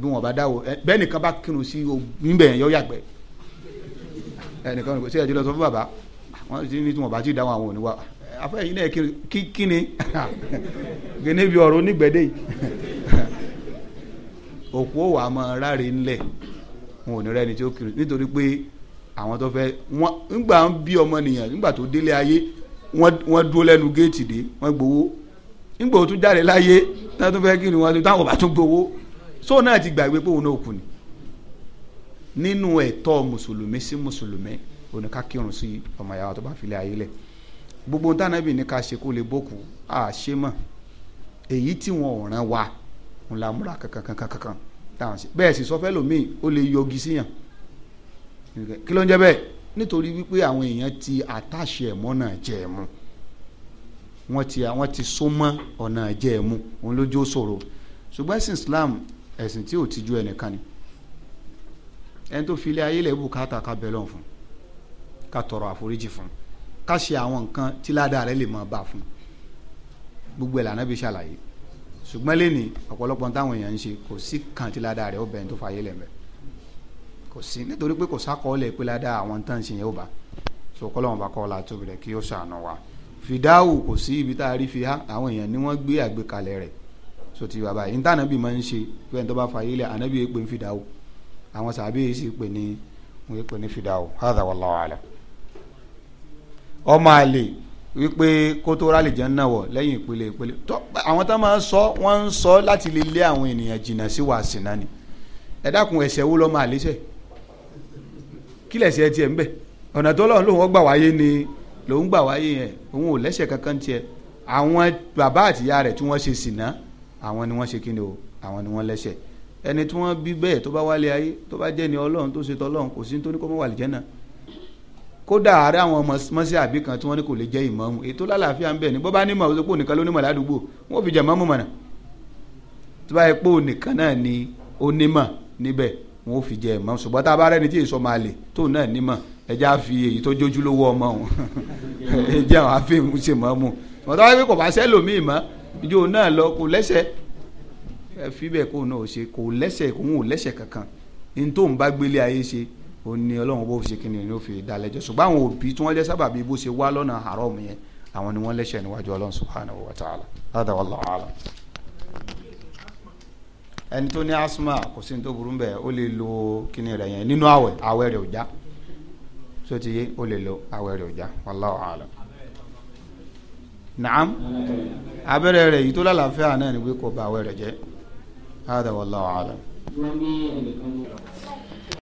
bí wọn bá dáwọ́ bẹ́ẹ̀ nìkan bá kírun sí níbẹ̀ yẹn yọ yàgbẹ́ ẹnìkan kò sí ẹjọ́ lọ sọ fún bàbá wọn ti ní tí wọn bá ti dáwọ́ àwọn òní wa afẹ́yìn náà kí kí ni gẹ́gẹ́ bí ọ̀rọ̀ onígbẹ̀dẹ́ yìí òkú ò wà máa ráre ńlẹ̀ wọn ò ní rẹ́ni tí ó kiri nítorí pé àwọn tó fẹ́ wọn nígbà ń bí ọmọ nìyàn nígbà tó délé ayé wọ́n dúró lẹ́nu géètì dé wọ́n gbowó nígbà tó jáde láyé tó fẹ́ kí ni wọ́n táwọn bá tún gbowó sóò náà ti gbàgbé pé òun náà kù ni nínú ẹ̀tọ́ mùsùlùmí sí mùsùlùmí òun ká kírun sí ọmọ ìyá wa tó bá filẹ̀ ayé lẹ̀ gbogbo ohun táwọn ẹbí ní ká ṣe kó lè bókù á ṣe mọ̀ èyí tí wọn ò ràn wá ń la múra kankan kankan kankan táwọn ṣe bẹ́ẹ̀ sì sọ lómi ó lè yọgi síyàn kí ló ń jẹ́ bẹ́ẹ̀ nítorí wípé àwọn èèyàn ti àtàṣe ẹ̀mọ́ náà jẹ́ ẹ̀mú wọ́n ti àwọn ti so mọ́ ọ̀nà jẹ́ ẹ̀mú òun lójú ó ṣòro ṣùgbọ́n ẹ̀sìn Islam ẹ̀sìn tí ò ti ju ẹnìkan ni ẹni tó fi ilé ayé lẹ̀ bùkátà ká bẹ̀ lọ́n fún ká tọrọ àforíjì fún ká ṣe àwọn nǹkan tí ládàá rẹ̀ lè máa bá fún gbogbo ẹ̀ lànà bí ṣàlàyé ṣùgbọ́n lẹ́ni ọ̀pọ̀lọpọ̀ táwọn èèyàn ń ṣe kò sí kan tí ládàá rẹ̀ ó bẹ̀rẹ̀ tó fàyè lẹ́mẹ̀ẹ́ kò sí nítorí pé kò sákọọ́lẹ̀ pé ládàá àwọn tán ṣe yẹn ò bá so kọ́lọ́wọ́n bá kọ́ ọ́ la tóbi rẹ̀ kí ó ṣàánú wa fìdáwù kò sí ibi tá a rí fi há àwọn èèyàn ni wọ́n gbé àgbékalẹ̀ rẹ̀ so ti bàbá yìí níta ànábì máa ń ṣe pé ẹni tó bá fa yìí lẹ̀ ànábì yìí pè ní fìdáwù àwọn sàbí yìí sì pè ní wọ́n yìí pè ní fìdáwù hádà wallahu alam. ọmọ àlè wípé kótó rálì jẹ́ ń náwọ̀ lẹ́yìn ìpele ìpele tó àwọn tá máa ń sọ wọ́n ń sọ láti lè lé àwọn ènìyàn jìnnà sí wàásì náà ni ẹ dákun ẹ̀ṣẹ̀ wo lọ́mọ àlè ṣẹ̀ kí lẹ̀ṣẹ̀ tiẹ̀ ń bẹ̀ ọ̀nà tó lọ́run lòun gbà wáyé ni lòun gbà wáyé yẹn òun ò lẹ́ṣẹ̀ kankan tiẹ̀ àwọn bàbá àtìyá rẹ̀ tí wọ́n ṣe sìnà àwọn ni wọ́n ṣe kíni o àwọn ni wọ́n lẹ́ṣẹ̀ ẹni tí wọ́n bí bẹ́ẹ̀ tó bá wálé ayé tó bá jẹ́ ni ọlọ́run tó ṣe tọ́lọ́run kò sí ní tó ní kó mọ́ wà lè jẹ́ náà kódà àárẹ̀ àwọn mọ́sí àbí kan tí wọ́n ní kò lè jẹ́ ìmáàmù ètò lálàáfíà ń bẹ̀ ni bó bá ní màá pò nìkan ló ní màá ládùúgbò wọ́n fi jẹ̀ mọ́mù mọ̀nà tó bá yẹ pé ònìkan náà ni onímọ̀ níbẹ̀ wọn ò fi jẹ ìmọ̀ ṣùgbọ́n tá a bá rẹ́ni tí èso máa lè tó náà nímọ̀ ẹjẹ́ á fi èyí tó jójú lówó ọmọ òun ẹjẹ́ àwọn afẹ́mu ṣe mọ́ mu mọ̀tọ́ wáyé kò bá sẹ́lòmíì mọ́ ìjọ náà lọ kò lẹ́sẹ̀ ẹ fi bẹ́ẹ̀ kó náà ṣe kò lẹ́sẹ̀ kò ń ò lẹ́sẹ̀ kankan ní tó ń bá gbélé ayé ṣe ó ní ọlọ́run bó ṣe kíni ní ó fi dalẹ́jọ́ ṣùgbọ́n àwọn òbí tí wọ́n jẹ́ sábàbí bó ṣe wá lọ́nà haram yẹn àwọn ni wọ́n lẹ́sẹ̀ níwájú ẹni tó ní asuma kò sí ní tó burú bẹ́ẹ̀ ó lè lo kíni rẹ̀ yẹn nínú àwẹ̀ àwẹ̀ rẹ̀ ò já so ti yé ó lè lo àwẹ̀ rẹ̀ ò já wallahu a'lam. naam abẹ́rẹ́ rẹ̀ yìí tó lálàáfíà náà ni wí kò bà àwẹ̀ rẹ̀ jẹ́ hada wallahu a'lam.